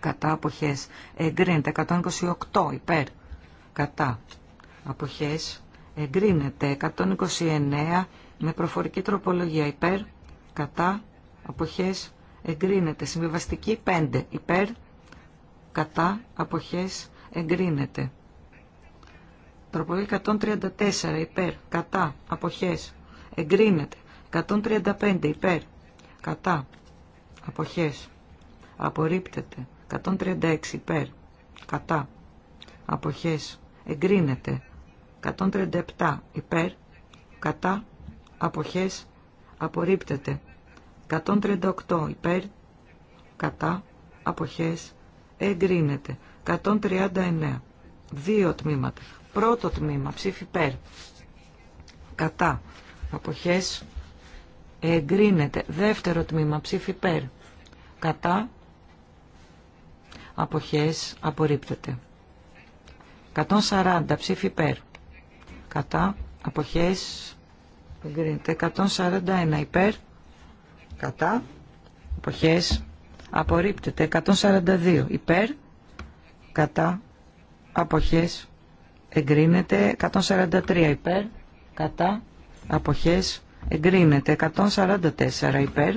κατά, αποχές εγκρίνεται. 128 υπέρ, κατά, αποχές εγκρίνεται 129 με προφορική τροπολογία υπέρ, κατά, αποχές εγκρίνεται. Συμβιβαστική 5 υπέρ, κατά, αποχές εγκρίνεται. Τροπολογία 134 υπέρ, κατά, αποχές εγκρίνεται. 135 υπέρ, κατά, αποχές απορρίπτεται. 136 υπέρ, κατά, αποχές εγκρίνεται. 137 υπέρ, κατά, αποχές, απορρίπτεται. 138 υπέρ, κατά, αποχές, εγκρίνεται. 139, δύο τμήματα. Πρώτο τμήμα, ψήφι υπέρ, κατά, αποχές, εγκρίνεται. Δεύτερο τμήμα, ψήφι υπέρ, κατά, αποχές, απορρίπτεται. 140 ψήφι υπέρ, κατά αποχές εγκρίνεται 141 υπέρ κατά αποχές απορρίπτεται 142 υπέρ κατά αποχές εγκρίνεται 143 υπέρ κατά αποχές εγκρίνεται 144 υπέρ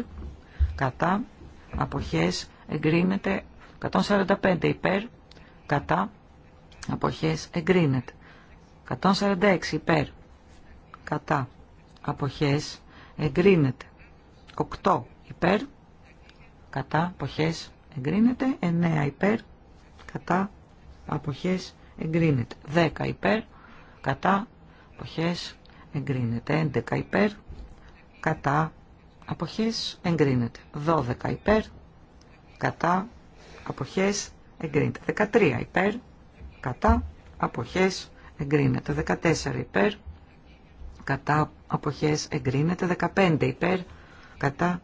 κατά αποχές εγκρίνεται 145 υπέρ κατά αποχές εγκρίνεται 146 υπέρ. Κατά. Αποχές. Εγκρίνεται. 8 υπέρ. Κατά. Αποχές. Εγκρίνεται. 9 υπέρ. Κατά. Αποχές. Εγκρίνεται. 10 υπέρ. Κατά. Αποχές. Εγκρίνεται. 11 υπέρ. Κατά. Αποχές. Εγκρίνεται. 12 υπέρ. Κατά. Αποχές. Εγκρίνεται. 13 υπέρ. Κατά. Αποχές εγκρίνεται. 14 υπέρ, κατά αποχές εγκρίνεται. 15 υπέρ, κατά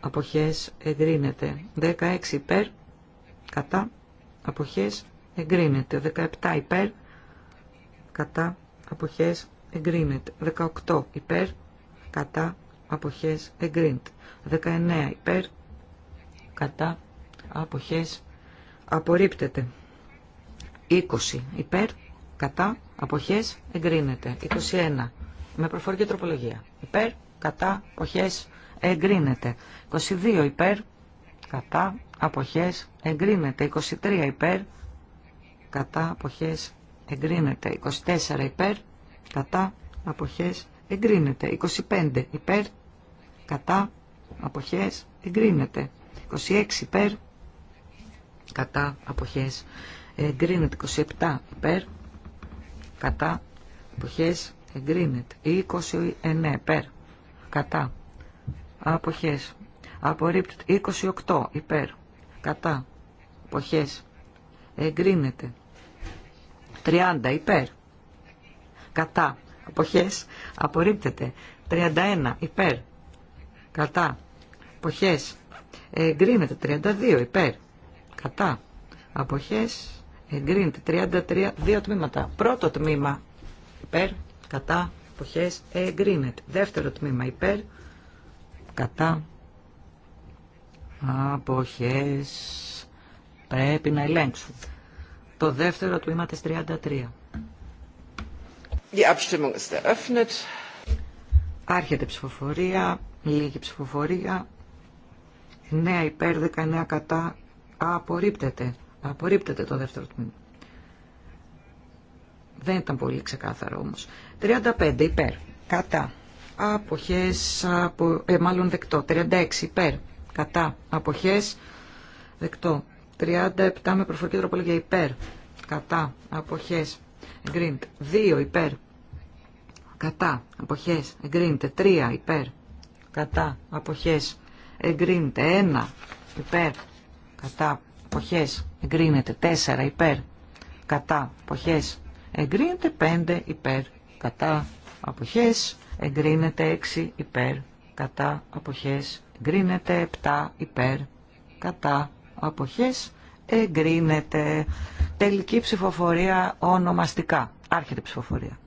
αποχές εγκρίνεται. 16 υπέρ, κατά αποχές εγκρίνεται. 17 υπέρ, κατά αποχές εγκρίνεται. 18 υπέρ, κατά αποχές εγκρίνεται. 19 υπέρ, κατά αποχές απορρίπτεται. 20 υπέρ, κατά, αποχές, εγκρίνεται. 21. Με προφορική τροπολογία. Υπέρ, κατά, αποχές, εγκρίνεται. 22. Υπέρ, κατά, αποχές, εγκρίνεται. 23. Υπέρ, κατά, αποχές, εγκρίνεται. 24. Υπέρ, κατά, αποχές, εγκρίνεται. 25. Υπέρ, κατά, αποχές, εγκρίνεται. 26. Υπέρ, κατά, αποχές, εγκρίνεται. 27. Υπέρ, κατά αποχές εγκρίνεται 29 υπέρ κατά αποχές απορρίπτεται 28 υπέρ κατά αποχές εγκρίνεται 30 υπέρ κατά αποχές απορρίπτεται 31 υπέρ κατά αποχές εγκρίνεται 32 υπέρ κατά αποχές εγκρίνεται 33 δύο τμήματα. Πρώτο τμήμα υπέρ, κατά, εποχές, εγκρίνεται. Δεύτερο τμήμα υπέρ, κατά, αποχές, πρέπει να ελέγξουν. Το δεύτερο τμήμα της 33. Die Abstimmung ist eröffnet. Άρχεται ψηφοφορία, λίγη ψηφοφορία, 9 υπέρ, 19 κατά, απορρίπτεται. Απορρίπτεται το δεύτερο τμήμα. Δεν ήταν πολύ ξεκάθαρο όμως. 35 υπέρ. Κατά. Αποχές, απο... Ε, μάλλον δεκτό. 36 υπέρ. Κατά. Αποχές, δεκτό. 37 με προφορική τροπολογία υπέρ. Κατά. Αποχές. Εγκρίνεται. 2 υπέρ. Κατά. Αποχές. Εγκρίνεται. 3 υπέρ. Κατά. Αποχές. Εγκρίνεται. 1 υπέρ. Κατά. Ποχές εγκρίνεται 4 υπέρ. Κατά. Ποχές εγκρίνεται 5 υπέρ. Κατά. Αποχές εγκρίνεται 6 υπέρ. Κατά. Αποχές εγκρίνεται 7 υπέρ. Κατά. Αποχές εγκρίνεται. Τελική ψηφοφορία ονομαστικά. Άρχεται ψηφοφορία.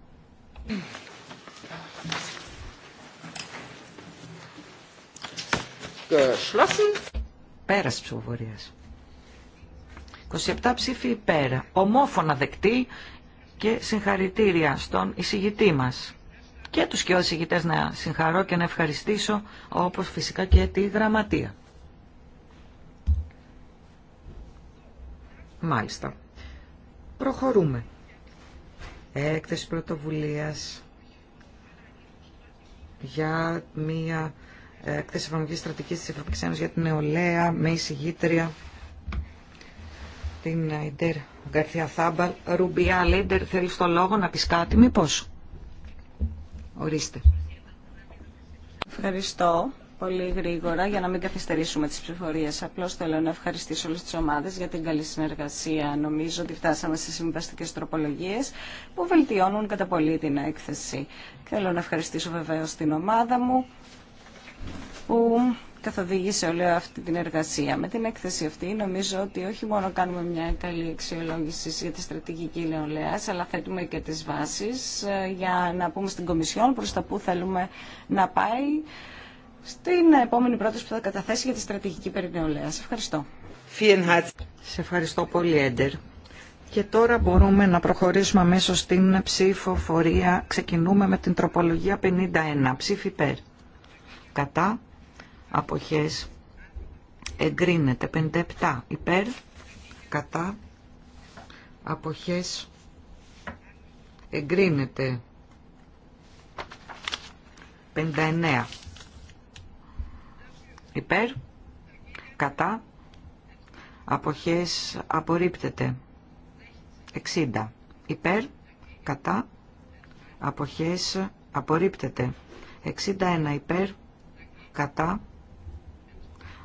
Geschlossen. Πέρας ψηφοφορίας. 27 ψήφοι υπέρ, ομόφωνα δεκτή και συγχαρητήρια στον εισηγητή μας. Και τους και να συγχαρώ και να ευχαριστήσω, όπως φυσικά και τη γραμματεία. Μάλιστα. Προχωρούμε. Έκθεση πρωτοβουλίας για μία έκθεση εφαρμογής στρατηγικής της Ευρωπαϊκής Ένωσης για την νεολαία με εισηγήτρια την Ιντερ Γκαρθία Θάμπαλ. Ρουμπιά θέλεις το λόγο να πεις κάτι Ορίστε. Ευχαριστώ πολύ γρήγορα για να μην καθυστερήσουμε τις ψηφορίες. Απλώς θέλω να ευχαριστήσω όλες τις ομάδες για την καλή συνεργασία. Νομίζω ότι φτάσαμε σε συμβαστικές τροπολογίες που βελτιώνουν κατά πολύ την έκθεση. Θέλω να ευχαριστήσω βεβαίως την ομάδα μου που καθοδήγησε όλη αυτή την εργασία. Με την έκθεση αυτή νομίζω ότι όχι μόνο κάνουμε μια καλή αξιολόγηση για τη στρατηγική νεολαία, αλλά θέτουμε και τις βάσεις ε, για να πούμε στην Κομισιόν προς τα που θέλουμε να πάει στην επόμενη πρόταση που θα καταθέσει για τη στρατηγική περί νεολαίας. Ευχαριστώ. Σε ευχαριστώ πολύ, Έντερ. Και τώρα μπορούμε να προχωρήσουμε αμέσως στην ψηφοφορία. Ξεκινούμε με την τροπολογία 51. Ψήφι υπέρ. Κατά αποχές εγκρίνεται 57 υπέρ κατά αποχές εγκρίνεται 59 υπέρ κατά αποχές απορρίπτεται 60 υπέρ κατά αποχές απορρίπτεται 61 υπέρ κατά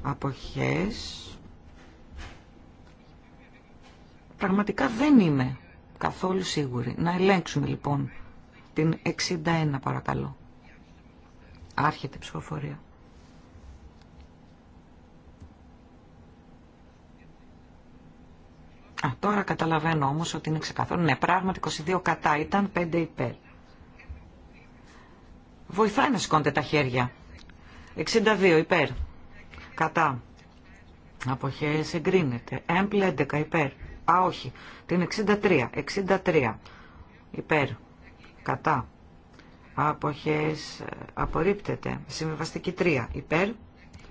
αποχές πραγματικά δεν είμαι καθόλου σίγουρη. Να ελέγξουμε λοιπόν την 61 παρακαλώ. Άρχεται η ψηφοφορία. Α, τώρα καταλαβαίνω όμως ότι είναι ξεκαθαρό. Ναι, πράγματι 22 κατά ήταν 5 υπέρ. Βοηθάει να σηκώνετε τα χέρια. 62 υπέρ κατά. Αποχέ εγκρίνεται. Έμπλε 11 υπέρ. Α, όχι. Την 63. 63 ε, υπέρ. Κατά. Αποχές απορρίπτεται. Συμβιβαστική 3 υπέρ.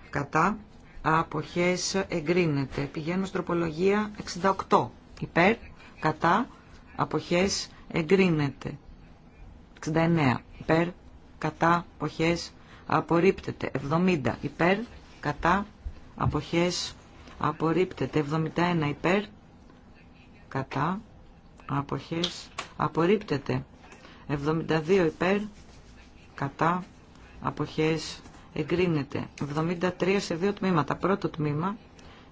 Κατά. Αποχέ εγκρίνεται. Πηγαίνω στροπολογία 68 υπέρ. Κατά. απόχέ εγκρίνεται. 69 υπέρ. Κατά. αποχέ. απορρίπτεται. 70 υπέρ κατά αποχές απορρίπτεται 71 υπέρ κατά αποχές απορρίπτεται 72 υπέρ κατά αποχές εγκρίνεται 73 σε δύο τμήματα πρώτο τμήμα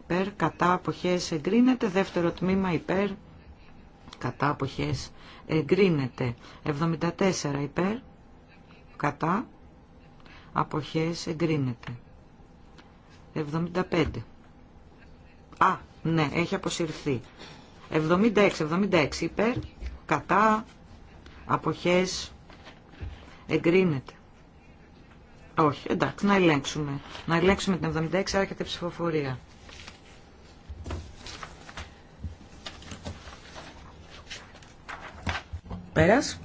υπέρ κατά αποχές εγκρίνεται δεύτερο τμήμα υπέρ κατά αποχές εγκρίνεται 74 υπέρ κατά αποχές εγκρίνεται 75. Α, ναι, έχει αποσυρθεί. 76, 76 υπέρ, κατά, αποχές, εγκρίνεται. Όχι, εντάξει, να ελέγξουμε. Να ελέγξουμε την 76, άρχεται η ψηφοφορία. Πέρας.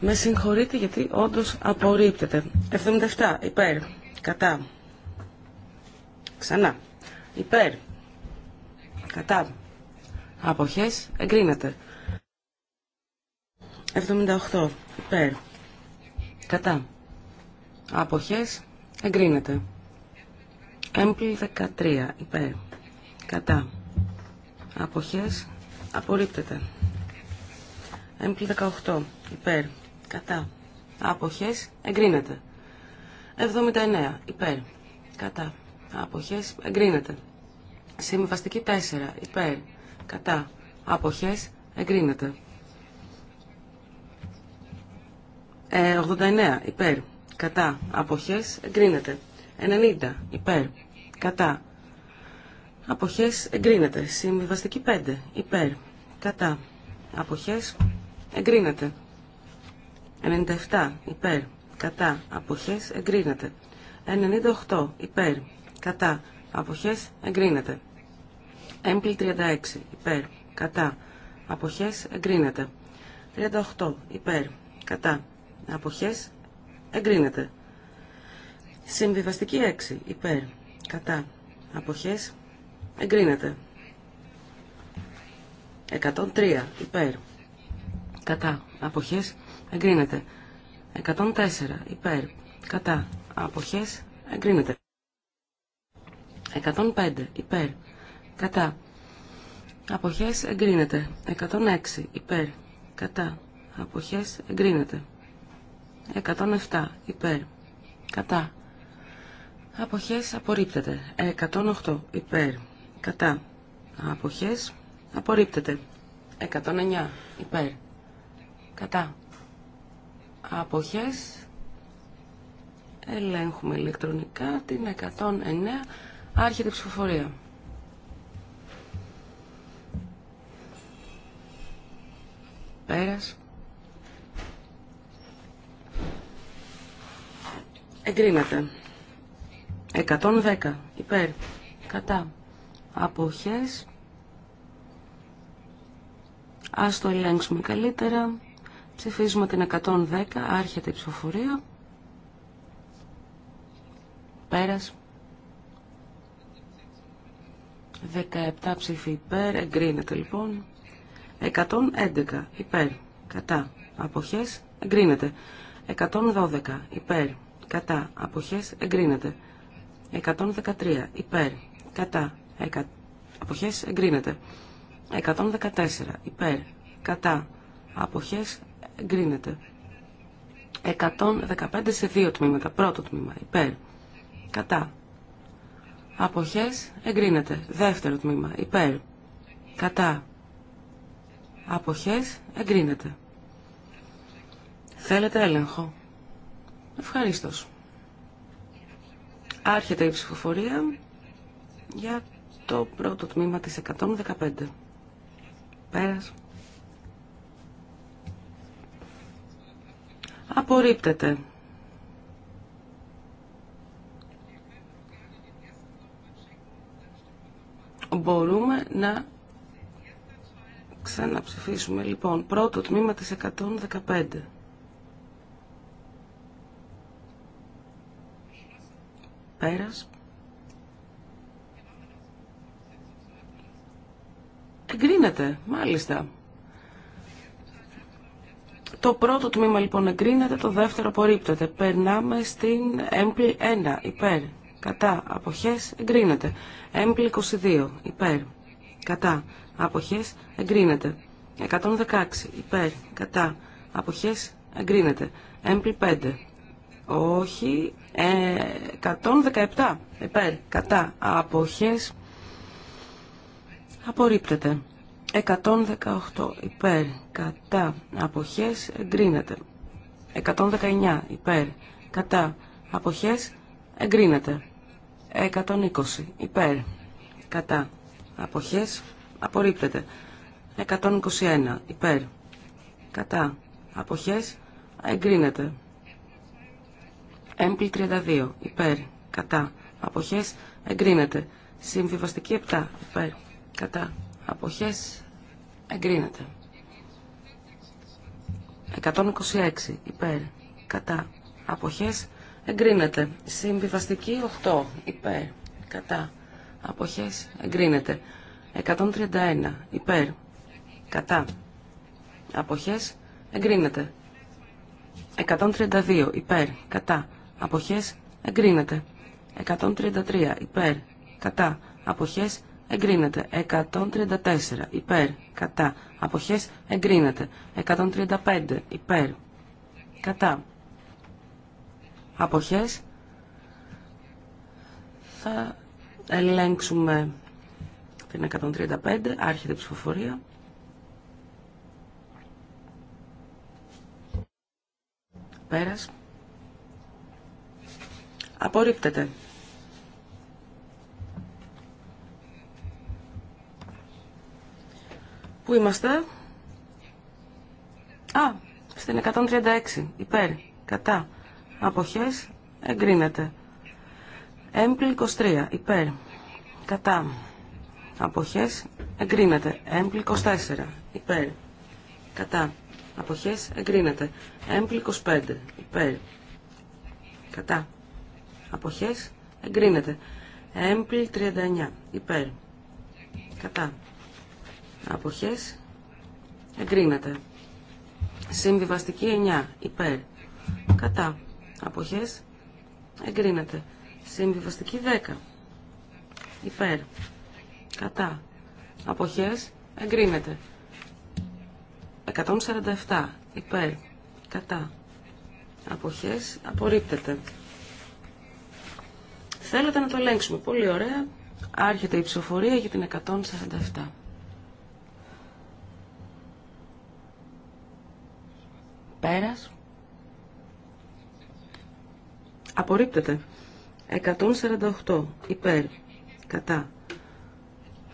Με συγχωρείτε γιατί όντως απορρίπτεται. 77 υπέρ. Κατά. Ξανά. Υπέρ. Κατά. Αποχές. Εγκρίνεται. 78 υπέρ. Κατά. Αποχές. Εγκρίνεται. Έμπλη 13 υπέρ. Κατά. Αποχές. Απορρίπτεται. Έμπλη 18 υπέρ κατά, αποχές, εγκρίνεται. 79 υπέρ, κατά, αποχές, εγκρίνεται. Συμβαστική 4 υπέρ, κατά, αποχές, εγκρίνεται. 89 υπέρ, κατά, αποχές, εγκρίνεται. 90 υπέρ, κατά, αποχές, εγκρίνεται. Συμβιβαστική 5 υπέρ, κατά, αποχές, εγκρίνεται. Ε, 97 υπέρ κατά αποχές εγκρίνεται. 98 υπέρ κατά αποχές εγκρίνεται. Έμπλη 36 υπέρ κατά αποχές εγκρίνεται. 38 υπέρ κατά αποχές εγκρίνεται. Συμβιβαστική 6 υπέρ κατά αποχές εγκρίνεται. 103 υπέρ κατά αποχές εγκρίνεται. 104 υπέρ κατά αποχές εγκρίνεται. 105 υπέρ κατά αποχές εγκρίνεται. 106 υπέρ κατά αποχές εγκρίνεται. 107 υπέρ κατά αποχές απορρίπτεται. 108 υπέρ κατά αποχές απορρίπτεται. 109 υπέρ κατά αποχές ελέγχουμε ηλεκτρονικά την 109 άρχεται ψηφοφορία. Πέρας. Εγκρίνεται. 110 υπέρ κατά αποχές. Ας το ελέγξουμε καλύτερα. Ψηφίζουμε την 110, άρχεται η ψηφοφορία. Πέρας. 17 ψήφοι υπέρ, εγκρίνεται λοιπόν. 111 υπέρ, κατά, αποχές, εγκρίνεται. 112 υπέρ, κατά, αποχές, εγκρίνεται. 113 υπέρ, κατά, εκα... αποχές, εγκρίνεται. 114 υπέρ, κατά, αποχές, Εγκρίνεται. 115 σε δύο τμήματα. Πρώτο τμήμα. Υπέρ. Κατά. Αποχές. Εγκρίνεται. Δεύτερο τμήμα. Υπέρ. Κατά. Αποχές. Εγκρίνεται. Θέλετε έλεγχο. Ευχαριστώ. Άρχεται η ψηφοφορία για το πρώτο τμήμα της 115. Πέρασε. Απορρίπτεται. Μπορούμε να ξαναψηφίσουμε λοιπόν πρώτο τμήμα της 115. Πέρας. Εγκρίνεται, μάλιστα. Το πρώτο τμήμα λοιπόν εγκρίνεται, το δεύτερο απορρίπτεται. Περνάμε στην έμπλη 1, υπέρ. Κατά, αποχές, εγκρίνεται. Έμπλη 22, υπέρ. Κατά, αποχές, εγκρίνεται. 116, υπέρ. Κατά, αποχές, εγκρίνεται. Έμπλη 5, όχι. Ε, 117, υπέρ. Κατά, αποχές, απορρίπτεται. 118 υπέρ κατά αποχές εγκρίνεται. 119 υπέρ κατά αποχές εγκρίνεται. 120 υπέρ κατά αποχές απορρίπτεται. 121 υπέρ κατά αποχές εγκρίνεται. Έμπλη 32 υπέρ κατά αποχές εγκρίνεται. Συμβιβαστική 7 υπέρ κατά αποχές εγκρίνεται. 126 υπέρ κατά αποχές εγκρίνεται. Συμβιβαστική 8 υπέρ κατά αποχές εγκρίνεται. 131 υπέρ κατά αποχές εγκρίνεται. 132 υπέρ κατά αποχές εγκρίνεται. 133 υπέρ κατά αποχές εγκρίνεται. 134 υπέρ, κατά, αποχές, εγκρίνεται. 135 υπέρ, κατά, αποχές. Θα ελέγξουμε την 135, άρχεται η ψηφοφορία. Πέρας. Απορρίπτεται. Πού είμαστε? Α, στην 136. Υπέρ. Κατά. Αποχές. Εγκρίνεται. Έμπλ 23. Υπέρ. Κατά. Αποχές. Εγκρίνεται. Έμπλ 24. Υπέρ. Κατά. Αποχές. Εγκρίνεται. Έμπλη 25. Υπέρ. Κατά. Αποχές. Εγκρίνεται. Έμπλη 39. Υπέρ. Κατά αποχές εγκρίνεται. Συμβιβαστική 9 υπέρ κατά αποχές εγκρίνεται. Συμβιβαστική 10 υπέρ κατά αποχές εγκρίνεται. 147 υπέρ κατά αποχές απορρίπτεται. Θέλετε να το ελέγξουμε. Πολύ ωραία. Άρχεται η ψηφοφορία για την 147. Πέρας. Απορρίπτεται. 148. Υπέρ. Κατά.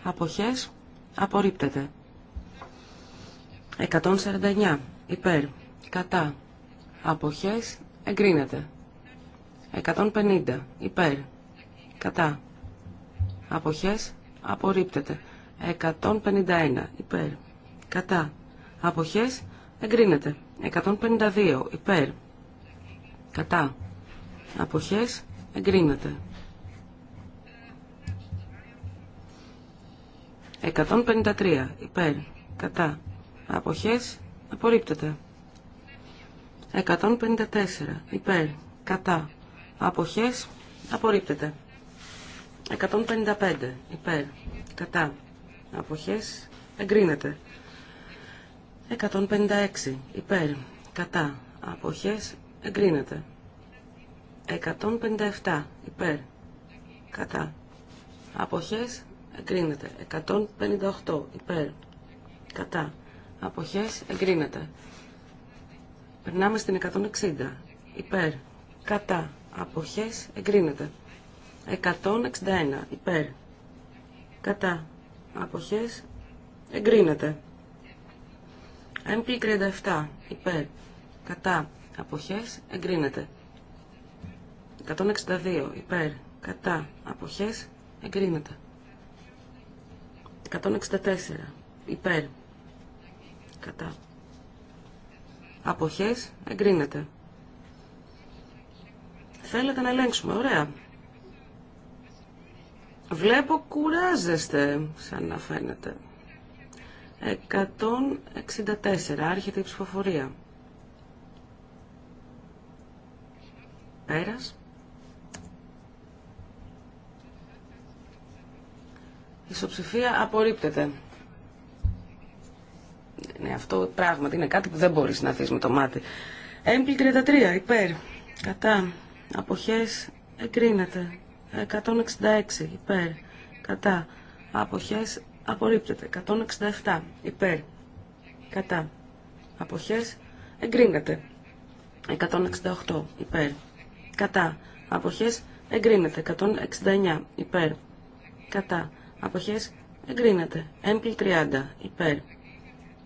Αποχές. Απορρίπτεται. 149. Υπέρ. Κατά. Αποχές. Εγκρίνεται. 150. Υπέρ. Κατά. Αποχές. Απορρίπτεται. 151. Υπέρ. Κατά. Αποχές. Εγκρίνεται. 152 υπέρ. Κατά. Αποχές εγκρίνεται. 153 υπέρ. Κατά. Αποχές απορρίπτεται. 154 υπέρ. Κατά. Αποχές απορρίπτεται. 155 υπέρ. Κατά. Αποχές εγκρίνεται. 156 υπέρ κατά αποχές εγκρίνεται 157 υπέρ κατά αποχές εγκρίνεται 158 υπέρ κατά αποχές εγκρίνεται περνάμε στην 160 υπέρ κατά αποχές εγκρίνεται 161 υπέρ κατά αποχές εγκρίνεται MP37 υπέρ κατά αποχές εγκρίνεται. 162 υπέρ κατά αποχές εγκρίνεται. 164 υπέρ κατά αποχές εγκρίνεται. Θέλετε να ελέγξουμε, ωραία. Βλέπω κουράζεστε, σαν να φαίνεται. 164. Άρχεται η ψηφοφορία. Πέρας. Η ισοψηφία απορρίπτεται. Ναι, αυτό πράγματι είναι κάτι που δεν μπορείς να δεις με το μάτι. Έμπλη 33, υπέρ. Κατά. Αποχές εγκρίνεται. 166, υπέρ. Κατά. Αποχές απορρίπτεται. 167 υπέρ κατά αποχές εγκρίνεται. 168 υπέρ κατά αποχές εγκρίνεται. 169 υπέρ κατά αποχές εγκρίνεται. Έμπλη 30 υπέρ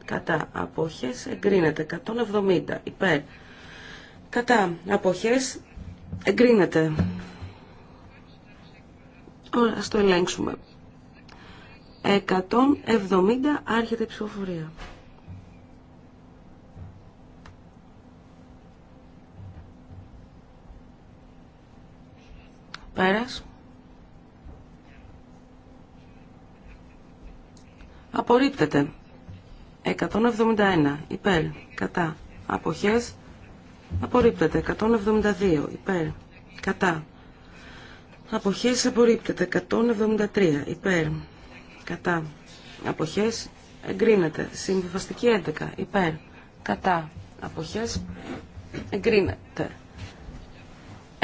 κατά αποχές εγκρίνεται. 170 υπέρ κατά αποχές εγκρίνεται. Ωραία, ας το ελέγξουμε. 170 άρχεται η ψηφοφορία. Πέρας. Απορρίπτεται. 171 υπέρ. Κατά. Αποχές. Απορρίπτεται. 172 υπέρ. Κατά. Αποχές απορρίπτεται. 173 υπέρ κατά αποχές εγκρίνεται. Συμβιβαστική 11 υπέρ κατά αποχές εγκρίνεται.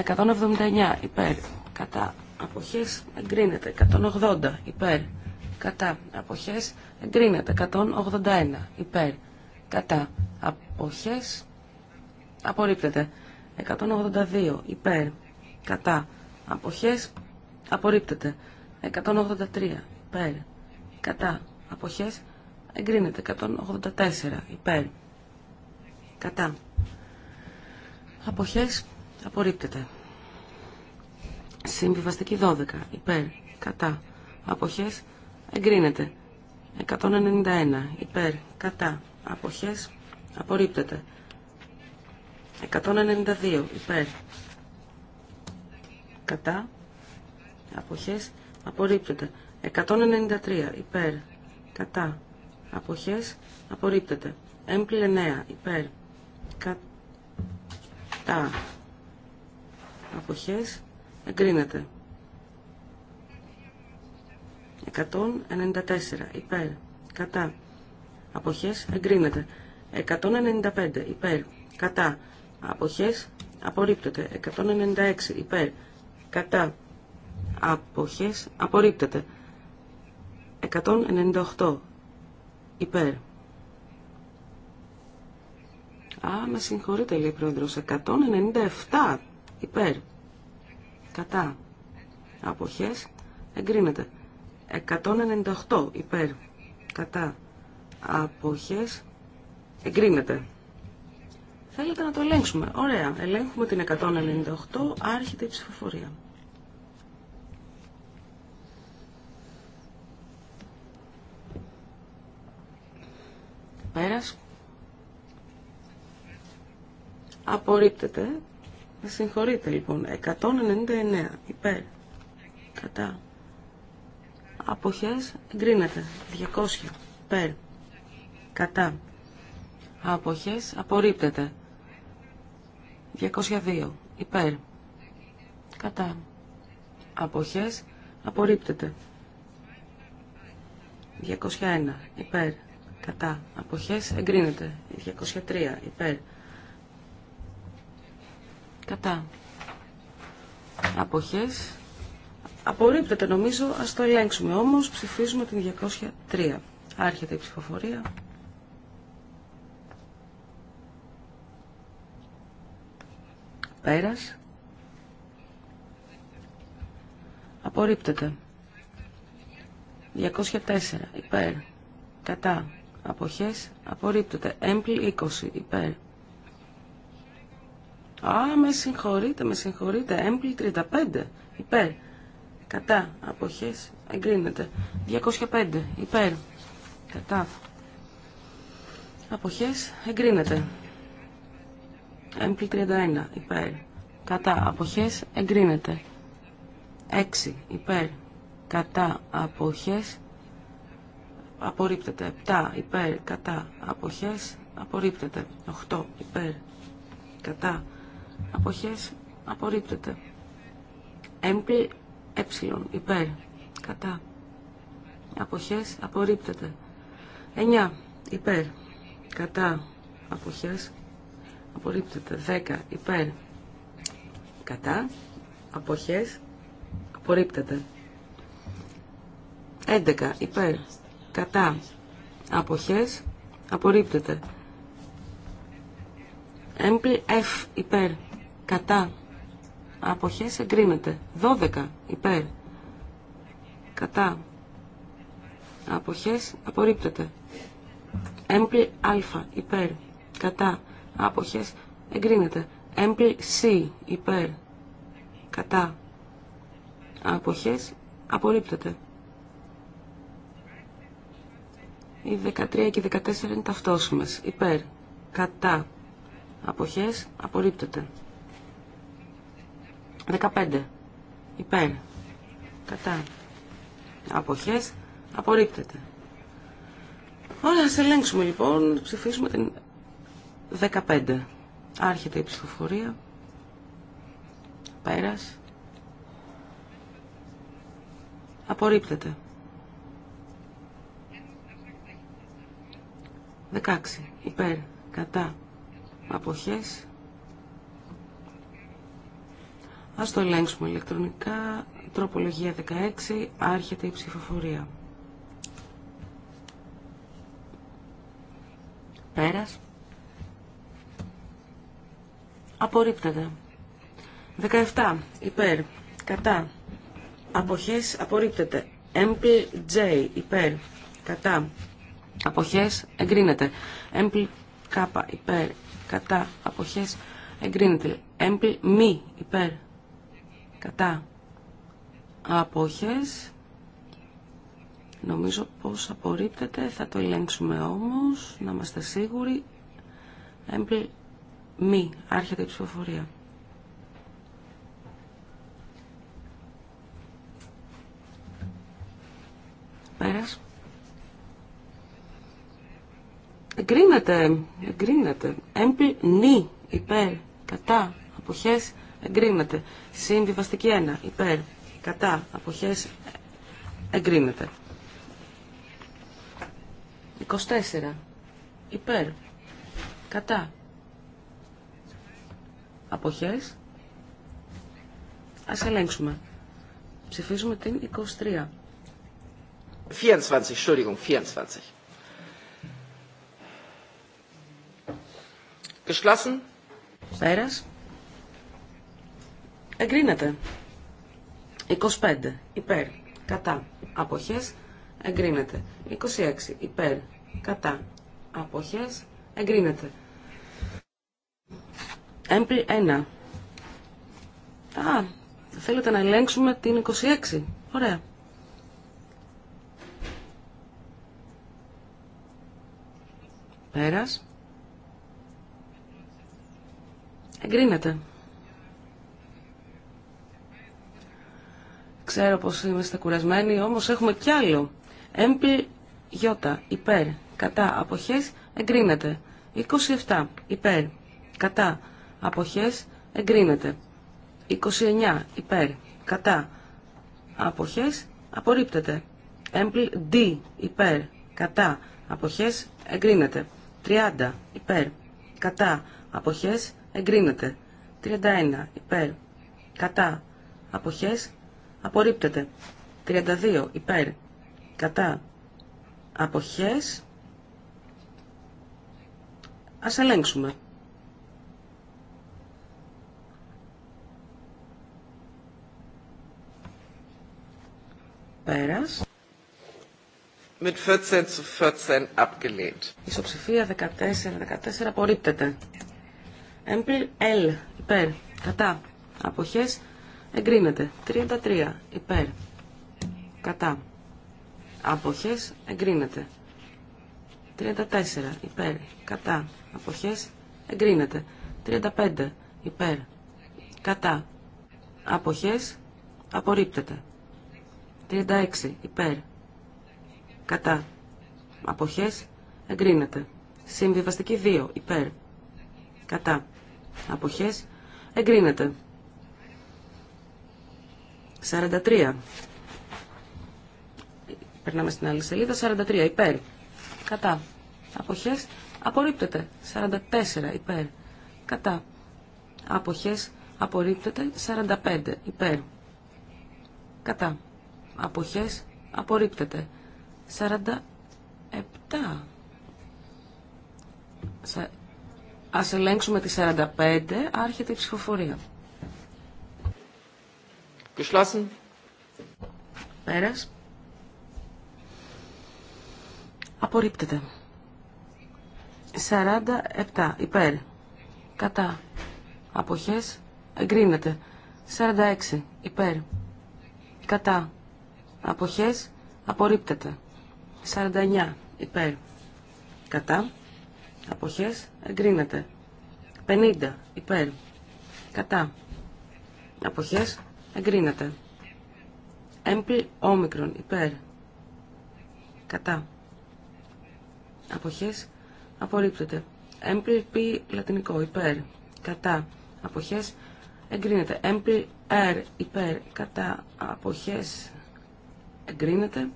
179 υπέρ κατά αποχές εγκρίνεται. 180 υπέρ κατά αποχές εγκρίνεται. 181 υπέρ κατά αποχές απορρίπτεται. 182 υπέρ κατά αποχές απορρίπτεται. 183 υπέρ κατά αποχές εγκρίνεται 184 υπέρ κατά αποχές απορρίπτεται συμβιβαστική 12 υπέρ κατά αποχές εγκρίνεται 191 υπέρ κατά αποχές απορρίπτεται 192 υπέρ κατά αποχές απορρίπτεται 193 υπέρ κατά αποχές απορρίπτεται. Έμπλε 9 υπέρ κατά αποχές εγκρίνεται. 194 υπέρ κατά αποχές εγκρίνεται. 195 υπέρ κατά αποχές απορρίπτεται. 196 υπέρ κατά αποχές απορρίπτεται. 198 υπέρ. Α, με συγχωρείτε λέει πρόεδρος. 197 υπέρ. Κατά. Αποχές. Εγκρίνεται. 198 υπέρ. Κατά. Αποχές. Εγκρίνεται. Θέλετε να το ελέγξουμε. Ωραία. Ελέγχουμε την 198. Άρχεται η ψηφοφορία. Πέρας. Απορρίπτεται. Συγχωρείτε λοιπόν. 199 υπέρ. Κατά. Αποχές εγκρίνεται. 200 υπέρ. Κατά. Αποχές απορρίπτεται. 202 υπέρ. Κατά. Αποχές απορρίπτεται. 201 υπέρ κατά αποχές εγκρίνεται 203 υπέρ κατά αποχές απορρίπτεται νομίζω ας το ελέγξουμε όμως ψηφίζουμε την 203 άρχεται η ψηφοφορία πέρας απορρίπτεται 204 υπέρ κατά Αποχές απορρίπτεται. Έμπλη 20 υπέρ. Α, με συγχωρείτε, με συγχωρείτε. Έμπλη 35 υπέρ. Κατά. Αποχές εγκρίνεται. 205 υπέρ. Κατά. Αποχές εγκρίνεται. Έμπλη 31 υπέρ. Κατά. Αποχές εγκρίνεται. 6 υπέρ. Κατά. Αποχές απορρίπτεται. 7 υπέρ κατά αποχές απορρίπτεται. 8 υπέρ κατά αποχές απορρίπτεται. Έμπλη ε υπέρ κατά αποχές απορρίπτεται. 9 υπέρ κατά αποχές απορρίπτεται. 10 υπέρ κατά αποχές απορρίπτεται. 11 υπέρ κατά αποχές απορρίπτεται έμπλη F υπέρ κατά αποχές εγκρίνεται 12 υπέρ κατά αποχές απορρίπτεται έμπλη Α υπέρ κατά αποχές εγκρίνεται έμπλη C υπέρ κατά αποχές απορρίπτεται Οι 13 και οι 14 είναι ταυτόσιμες. Υπέρ. Κατά. Αποχές. Απορρίπτεται. 15. Υπέρ. Κατά. Αποχές. Απορρίπτεται. Ωραία, ας ελέγξουμε λοιπόν. Ψηφίσουμε την 15. Άρχεται η ψηφοφορία. Πέρας. Απορρίπτεται. 16. Υπέρ. Κατά. Αποχές. Ας το ελέγξουμε ηλεκτρονικά. Τροπολογία 16. Άρχεται η ψηφοφορία. Πέρας. Απορρίπτεται. 17. Υπέρ. Κατά. Αποχές απορρίπτεται. MPJ. Υπέρ. Κατά αποχές εγκρίνεται. Έμπλ κάπα υπέρ κατά αποχές εγκρίνεται. Έμπλ μη υπέρ κατά αποχές νομίζω πως απορρίπτεται θα το ελέγξουμε όμως να είμαστε σίγουροι έμπλ μη άρχεται η ψηφοφορία πέρας Εγκρίνεται. Εγκρίνεται. Έμπι νη. Υπέρ. Κατά. Αποχές. Εγκρίνεται. Συμβιβαστική 1. Υπέρ. Κατά. Αποχές. Εγκρίνεται. 24. Υπέρ. Κατά. Αποχές. Ας ελέγξουμε. Ψηφίζουμε την 23. 24, Entschuldigung, 24. Beschlossen? Πέρας. Εγκρίνεται. 25. Υπέρ. Κατά. Αποχές. Εγκρίνεται. 26. Υπέρ. Κατά. Αποχές. Εγκρίνεται. Έμπλη 1. Α, θέλετε να ελέγξουμε την 26. Ωραία. Πέρας. Εγκρίνεται. Ξέρω πως είμαστε κουρασμένοι, όμως έχουμε κι άλλο. Έμπι γιώτα, υπέρ, κατά, αποχές, εγκρίνεται. 27, υπέρ, κατά, αποχές, εγκρίνεται. 29, υπέρ, κατά, αποχές, απορρίπτεται. Έμπλη, D, υπέρ, κατά, αποχές, εγκρίνεται. 30, υπέρ, κατά, αποχές, εγκρίνεται. 31 υπέρ, κατά, απόχέ, απορρίπτεται. 32 υπέρ, κατά, αποχές, ας ελέγξουμε. Πέρας. Mit 14 zu 14 abgelehnt. Ισοψηφία 14-14 απορρίπτεται. Έμπλ L υπέρ. Κατά. Αποχές εγκρίνεται. 33 υπέρ. Κατά. Αποχές εγκρίνεται. 34 υπέρ. Κατά. Αποχές εγκρίνεται. 35 υπέρ. Κατά. Αποχές απορρίπτεται. 36 υπέρ. Κατά. Αποχές εγκρίνεται. Συμβιβαστική 2 υπέρ. Κατά αποχές εγκρίνεται. 43. Περνάμε στην άλλη σελίδα. 43 υπέρ. Κατά. Αποχές απορρίπτεται. 44 υπέρ. Κατά. Αποχές απορρίπτεται. 45 υπέρ. Κατά. Αποχές απορρίπτεται. 47. Ας ελέγξουμε τη 45, άρχεται η ψηφοφορία. Geschlossen. Πέρας. Απορρίπτεται. 47 υπέρ. Κατά. Αποχές. Εγκρίνεται. 46 υπέρ. Κατά. Αποχές. Απορρίπτεται. 49 υπέρ. Κατά. Αποχές εγκρίνεται. 50 υπέρ. Κατά. Αποχές εγκρίνεται. Έμπλη όμικρον υπέρ. Κατά. Αποχές απορρίπτεται. Έμπλη πι λατινικό υπέρ. Κατά. Αποχές εγκρίνεται. Έμπλη ερ υπέρ. Κατά. Αποχές εγκρίνεται.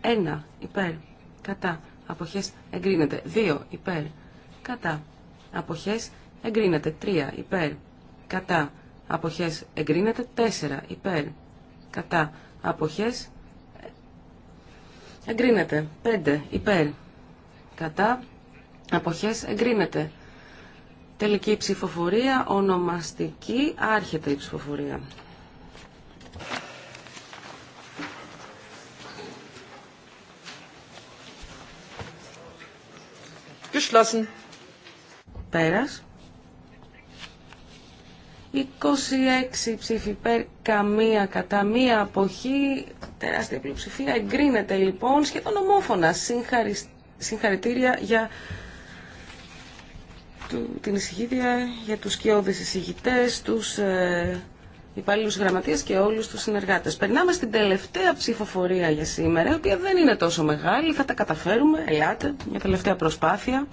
1 υπέρ. Κατά. Αποχές εγκρίνεται. 2 υπέρ κατά. Αποχές εγκρίνεται 3 υπέρ, κατά. Αποχές εγκρίνεται 4 υπέρ, κατά. Αποχές εγκρίνεται 5 υπέρ, κατά. Αποχές εγκρίνεται. Τελική ψηφοφορία, ονομαστική, άρχεται η ψηφοφορία. Geschlossen. Πέρας. 26 ψήφοι υπέρ, καμία κατά μία αποχή, τεράστια πλειοψηφία. Εγκρίνεται λοιπόν σχεδόν ομόφωνα. Συγχαρι... Συγχαρητήρια για την εισηγήτρια, για τους σκιώδεις εισηγητές, τους ε, υπαλλήλους γραμματείας και όλους τους συνεργάτες. Περνάμε στην τελευταία ψηφοφορία για σήμερα, η οποία δεν είναι τόσο μεγάλη. Θα τα καταφέρουμε. Ελάτε, μια τελευταία προσπάθεια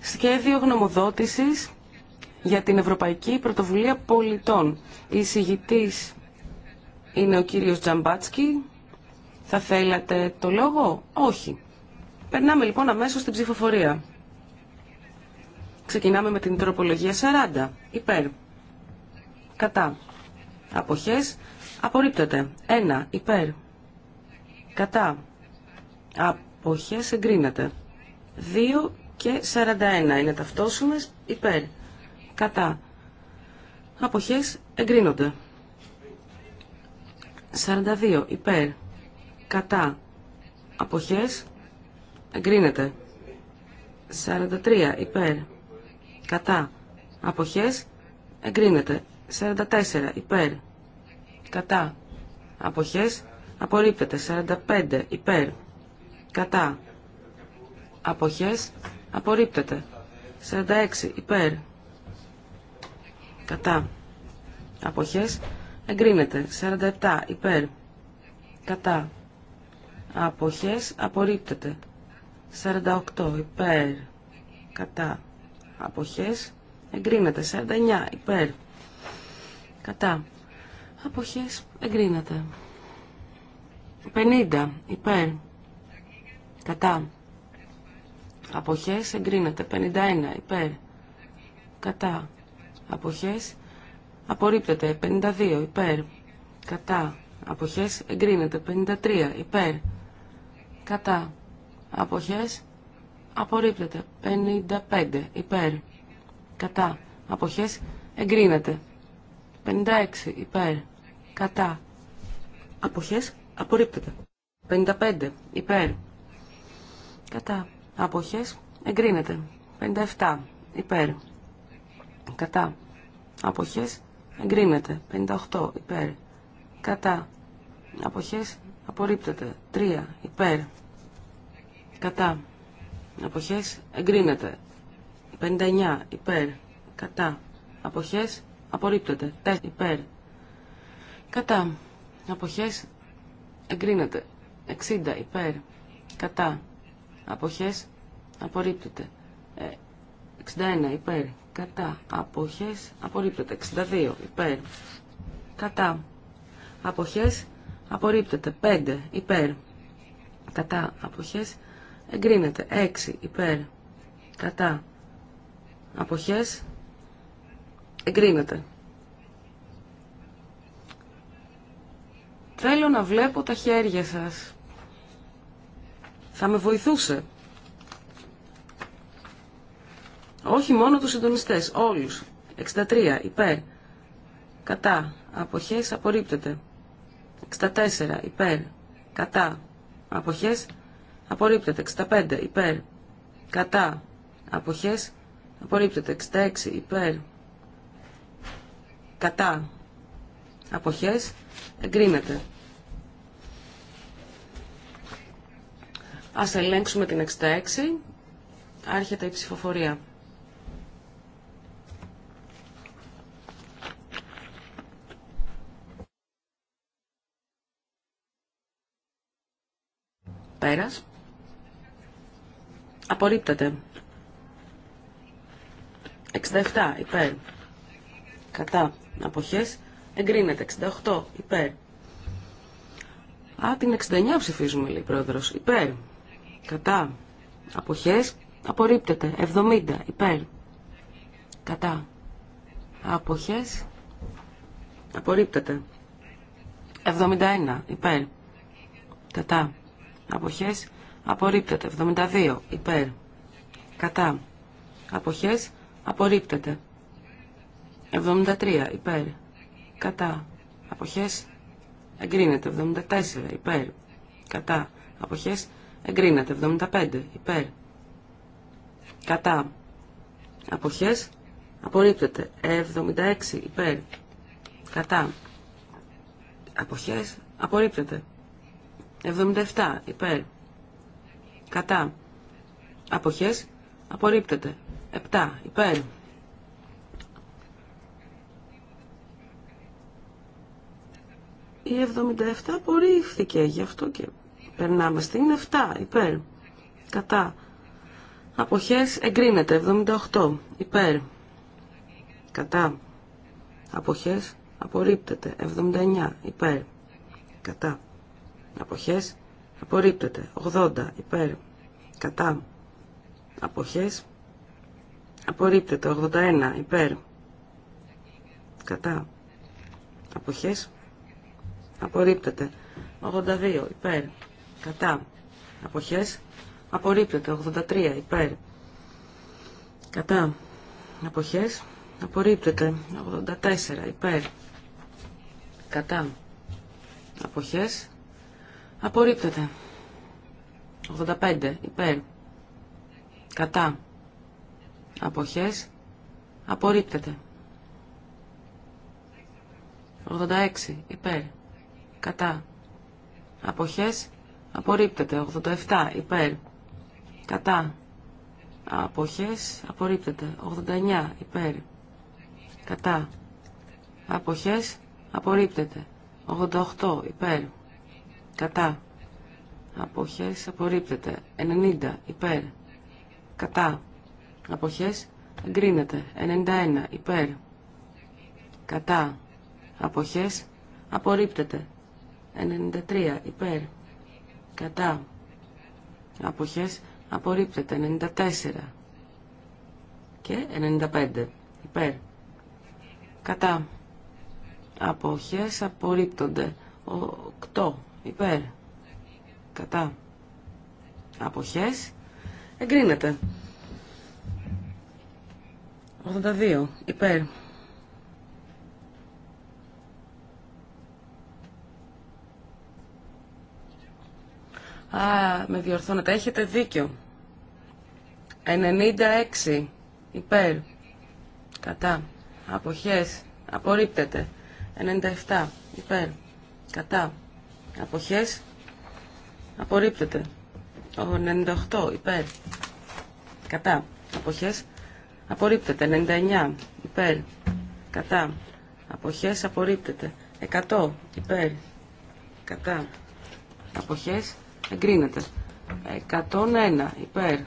σχέδιο γνωμοδότησης για την Ευρωπαϊκή Πρωτοβουλία Πολιτών. Η εισηγητής είναι ο κύριος Τζαμπάτσκι. Θα θέλατε το λόγο? Όχι. Περνάμε λοιπόν αμέσως στην ψηφοφορία. Ξεκινάμε με την τροπολογία 40. Υπέρ. Κατά. Αποχές. Απορρίπτεται. Ένα. Υπέρ. Κατά. Αποχές εγκρίνεται. 2 και 41 είναι ταυτόσιμες υπέρ. Κατά. Αποχές εγκρίνονται. 42 υπέρ. Κατά. Αποχές εγκρίνεται. 43 υπέρ. Κατά. Αποχές εγκρίνεται. 44 υπέρ. Κατά. Αποχές απορρίπτεται. 45 υπέρ. Κατά. Αποχές Απορρίπτεται. 46 υπέρ. Κατά. Αποχές. Εγκρίνεται. 47 υπέρ. Κατά. Αποχές. Απορρίπτεται. 48 υπέρ. Κατά. Αποχές. Εγκρίνεται. 49 υπέρ. Κατά. Αποχές. Εγκρίνεται. 50 υπέρ. Κατά. Αποχές εγκρίνεται. 51 υπέρ. Κατά. Αποχές απορρίπτεται. 52 υπέρ. Κατά. Αποχές εγκρίνεται. 53 υπέρ. Κατά. Αποχές απορρίπτεται. 55 υπέρ. Κατά. Αποχές εγκρίνεται. 56 υπέρ. Κατά. Αποχές απορρίπτεται. 55 υπέρ. Κατά. Αποχές εγκρίνεται. 57 υπέρ. Κατά. Αποχές εγκρίνεται. 58 υπέρ. Κατά. Αποχές απορρίπτεται. 3 υπέρ. Κατά. Αποχές εγκρίνεται. 59 υπέρ. Κατά. Αποχές απορρίπτεται. 4 υπέρ. Κατά. Αποχές εγκρίνεται. 60 υπέρ. Κατά αποχές απορρίπτεται. 61 ε, υπέρ, κατά, αποχές απορρίπτεται. 62 υπέρ, κατά, αποχές απορρίπτεται. 5 υπέρ, κατά, αποχές εγκρίνεται. 6 υπέρ, κατά, αποχές εγκρίνεται. Θέλω να βλέπω τα χέρια σας θα με βοηθούσε. Όχι μόνο τους συντονιστές, όλους. 63 υπέρ, κατά, αποχές απορρίπτεται. 64 υπέρ, κατά, αποχές απορρίπτεται. 65 υπέρ, κατά, αποχές απορρίπτεται. 66 υπέρ, κατά, αποχές εγκρίνεται. Ας ελέγξουμε την 66. Άρχεται η ψηφοφορία. Πέρας. Απορρίπτεται. 67 υπέρ. Κατά. Αποχές. Εγκρίνεται. 68 υπέρ. Α, την 69 ψηφίζουμε, λέει η πρόεδρος. Υπέρ. Κατά. Αποχές. Απορρίπτεται. 70. Υπέρ. Κατά. Αποχές. Απορρίπτεται. 71. Υπέρ. Κατά. Αποχές. Απορρίπτεται. 72. Υπέρ. Κατά. Αποχές. Απορρίπτεται. 73. Υπέρ. Κατά. Αποχές. Εγκρίνεται. 74. Υπέρ. Κατά. Αποχές. Εγκρίνεται. 75. Υπέρ. Κατά. Αποχές. Απορρίπτεται. 76. Υπέρ. Κατά. Αποχές. Απορρίπτεται. 77. Υπέρ. Κατά. Αποχές. Απορρίπτεται. 7. Υπέρ. Η 77 απορρίφθηκε, γι' αυτό και Περνάμε είναι 7 υπέρ. Κατά. Αποχές εγκρίνεται 78 υπέρ. Κατά. Αποχές απορρίπτεται 79 υπέρ. Κατά. Αποχές απορρίπτεται 80 υπέρ. Κατά. Αποχές απορρίπτεται 81 υπέρ. Κατά. Αποχές απορρίπτεται 82 υπέρ κατά αποχές απορρίπτεται 83 υπέρ κατά αποχές απορρίπτεται 84 υπέρ κατά αποχές απορρίπτεται 85 υπέρ κατά αποχές απορρίπτεται 86 υπέρ κατά αποχές Απορρίπτεται. 87. Υπέρ. Κατά. Αποχές. Απορρίπτεται. 89. Υπέρ. Κατά. Αποχές. Απορρίπτεται. 88. Υπέρ. Κατά. Αποχές. Απορρίπτεται. 90. Υπέρ. Κατά. Αποχές. Εγκρίνεται. 91. Υπέρ. Κατά. Αποχές. Απορρίπτεται. 93. Υπέρ κατά αποχές απορρίπτεται 94 και 95 υπέρ κατά αποχές απορρίπτονται 8 υπέρ κατά αποχές εγκρίνεται 82 υπέρ Α, με διορθώνετε. Έχετε δίκιο. 96. Υπέρ. Κατά. Αποχές. Απορρίπτεται. 97. Υπέρ. Κατά. Αποχές. Απορρίπτεται. 98. Υπέρ. Κατά. Αποχές. Απορρίπτεται. 99. Υπέρ. Κατά. Αποχές. Απορρίπτεται. 100. Υπέρ. Κατά. Αποχές. Εγκρίνεται. 101 υπέρ.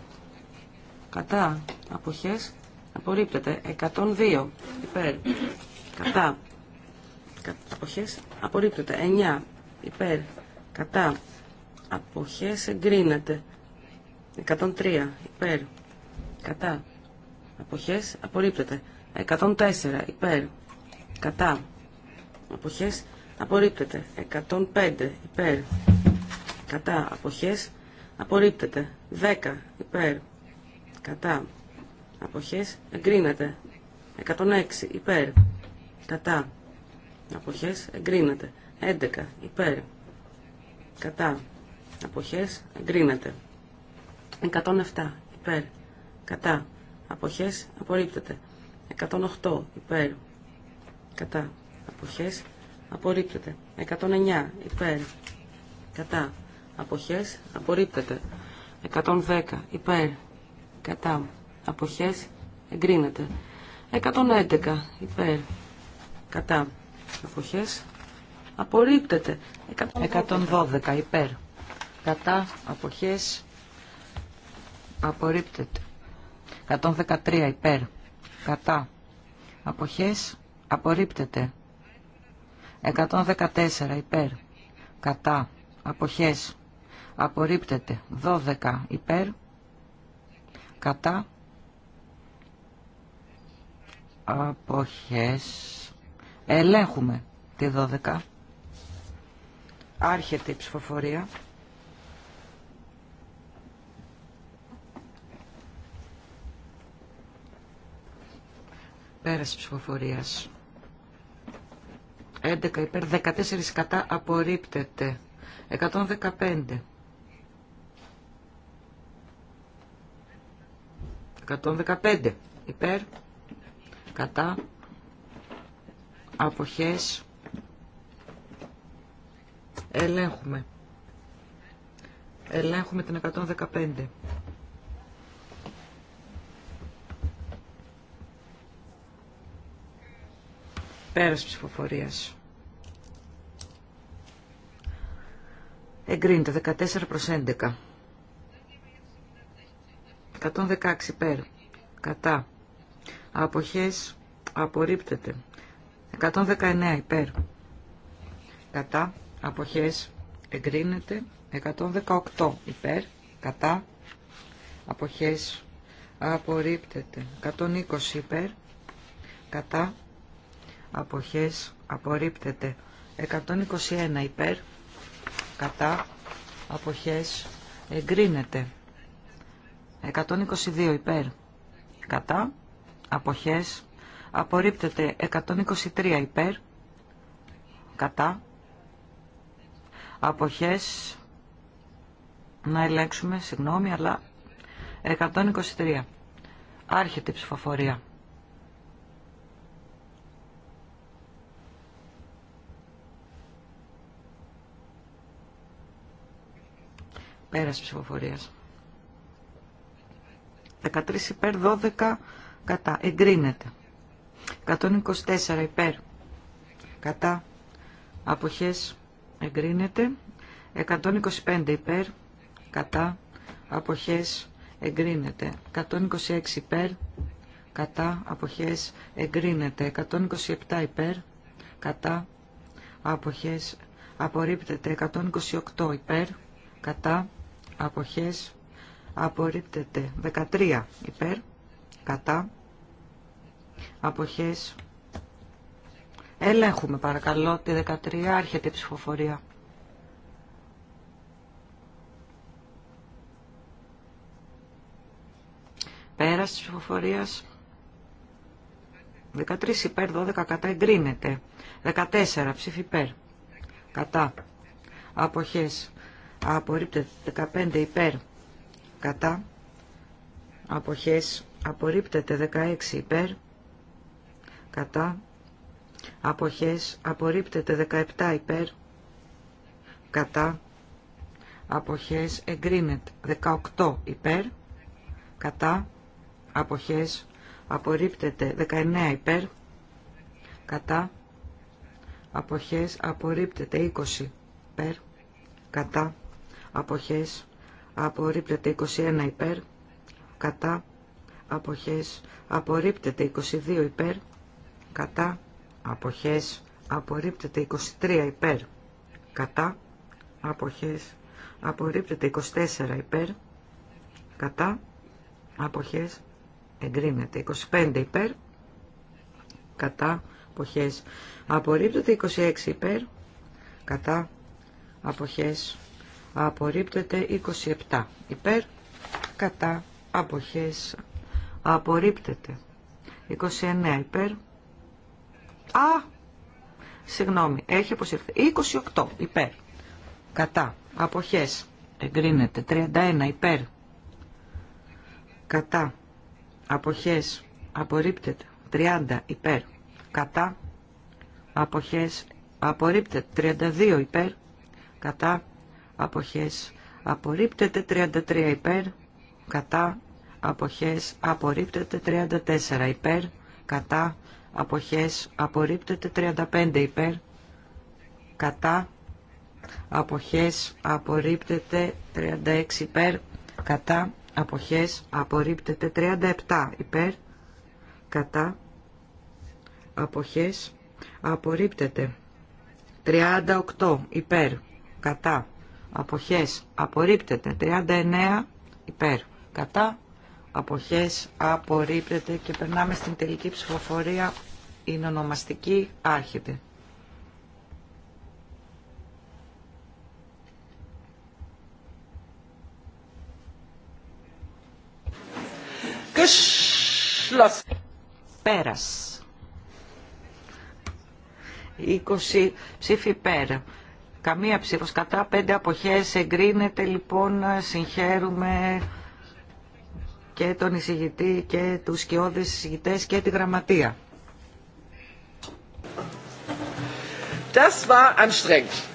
Κατά. Αποχές. Απορρίπτεται. 102 υπέρ. Κατά. Αποχές. Απορρίπτεται. 9 υπέρ. Κατά. Αποχές. Εγκρίνεται. 103 υπέρ. Κατά. Αποχές. Απορρίπτεται. 104 υπέρ. Κατά. Αποχές. Απορρίπτεται. 105 υπέρ κατά αποχές απορρίπτεται. 10 υπέρ κατά αποχές εγκρίνεται. 106 υπέρ κατά αποχές εγκρίνεται. 11 υπέρ κατά αποχές εγκρίνεται. 107 υπέρ κατά αποχές απορρίπτεται. 108 υπέρ κατά αποχές απορρίπτεται. 109 υπέρ κατά αποχές απορρίπτεται. 110 υπέρ κατά αποχές εγκρίνεται. 111 υπέρ κατά αποχές απορρίπτεται. 112 υπέρ κατά αποχές απορρίπτεται. 113 υπέρ κατά αποχές απορρίπτεται. 114 υπέρ κατά αποχές απορρίπτεται 12 υπέρ κατά αποχές ελέγχουμε τη 12 άρχεται η ψηφοφορία Πέραση ψηφοφορίας 11 υπέρ 14 κατά απορρίπτεται 115 115 υπέρ κατά αποχές ελέγχουμε ελέγχουμε την 115 πέρας ψηφοφορίας εγκρίνεται 14 προς 11 116 υπέρ. Κατά. Αποχές απορρίπτεται. 119 υπέρ. Κατά. Αποχές εγκρίνεται. 118 υπέρ. Κατά. Αποχές απορρίπτεται. 120 υπέρ. Κατά. Αποχές απορρίπτεται. 121 υπέρ. Κατά. Αποχές εγκρίνεται. 122 υπέρ κατά αποχές απορρίπτεται 123 υπέρ κατά αποχές να ελέγξουμε συγγνώμη αλλά 123 άρχεται η ψηφοφορία πέρας ψηφοφορίας 13 υπέρ, 12 κατά. Εγκρίνεται. 124 υπέρ, κατά. Αποχές εγκρίνεται. 125 υπέρ, κατά. Αποχές εγκρίνεται. 126 υπέρ, κατά. Αποχές εγκρίνεται. 127 υπέρ, κατά. Αποχές απορρίπτεται. 128 υπέρ, κατά. Αποχές απορρίπτεται 13 υπέρ κατά αποχές ελέγχουμε παρακαλώ τη 13 άρχεται η ψηφοφορία πέρας της ψηφοφορίας 13 υπέρ 12 κατά εγκρίνεται 14 ψήφι υπέρ κατά αποχές απορρίπτεται 15 υπέρ κατά αποχές απορρίπτεται 16 υπέρ κατά αποχές απορρίπτεται 17 υπέρ κατά αποχές εγκρίνεται 18 υπέρ κατά αποχές απορρίπτεται 19 υπέρ κατά αποχές απορρίπτεται 20 υπέρ κατά αποχές απορρίπτεται 21 υπέρ, κατά, αποχές, απορρίπτεται 22 υπέρ, κατά, αποχές, απορρίπτεται 23 υπέρ, κατά, αποχές, απορρίπτεται 24 υπέρ, κατά, αποχές, εγκρίνεται 25 υπέρ, κατά, αποχές, απορρίπτεται 26 υπέρ, κατά, αποχές, απορρίπτεται 27 υπέρ κατά αποχές απορρίπτεται 29 υπέρ α συγγνώμη έχει αποσυρθεί 28 υπέρ κατά αποχές εγκρίνεται 31 υπέρ κατά αποχές απορρίπτεται 30 υπέρ κατά αποχές απορρίπτεται 32 υπέρ κατά αποχές απορρίπτεται 33 υπέρ κατά αποχές απορρίπτεται 34 υπέρ κατά αποχές απορρίπτεται 35 υπέρ κατά αποχές απορρίπτεται 36 υπέρ κατά αποχές απορρίπτεται 37 υπέρ κατά αποχές απορρίπτεται 38 υπέρ κατά αποχές απορρίπτεται 39 υπέρ κατά αποχές απορρίπτεται και περνάμε στην τελική ψηφοφορία η ονομαστική άρχεται Πέρας 20 ψήφι πέρα Καμία ψήφος κατά, πέντε αποχές εγκρίνεται, λοιπόν συγχαίρουμε και τον εισηγητή και τους σκιώδες εισηγητές και τη γραμματεία. Das war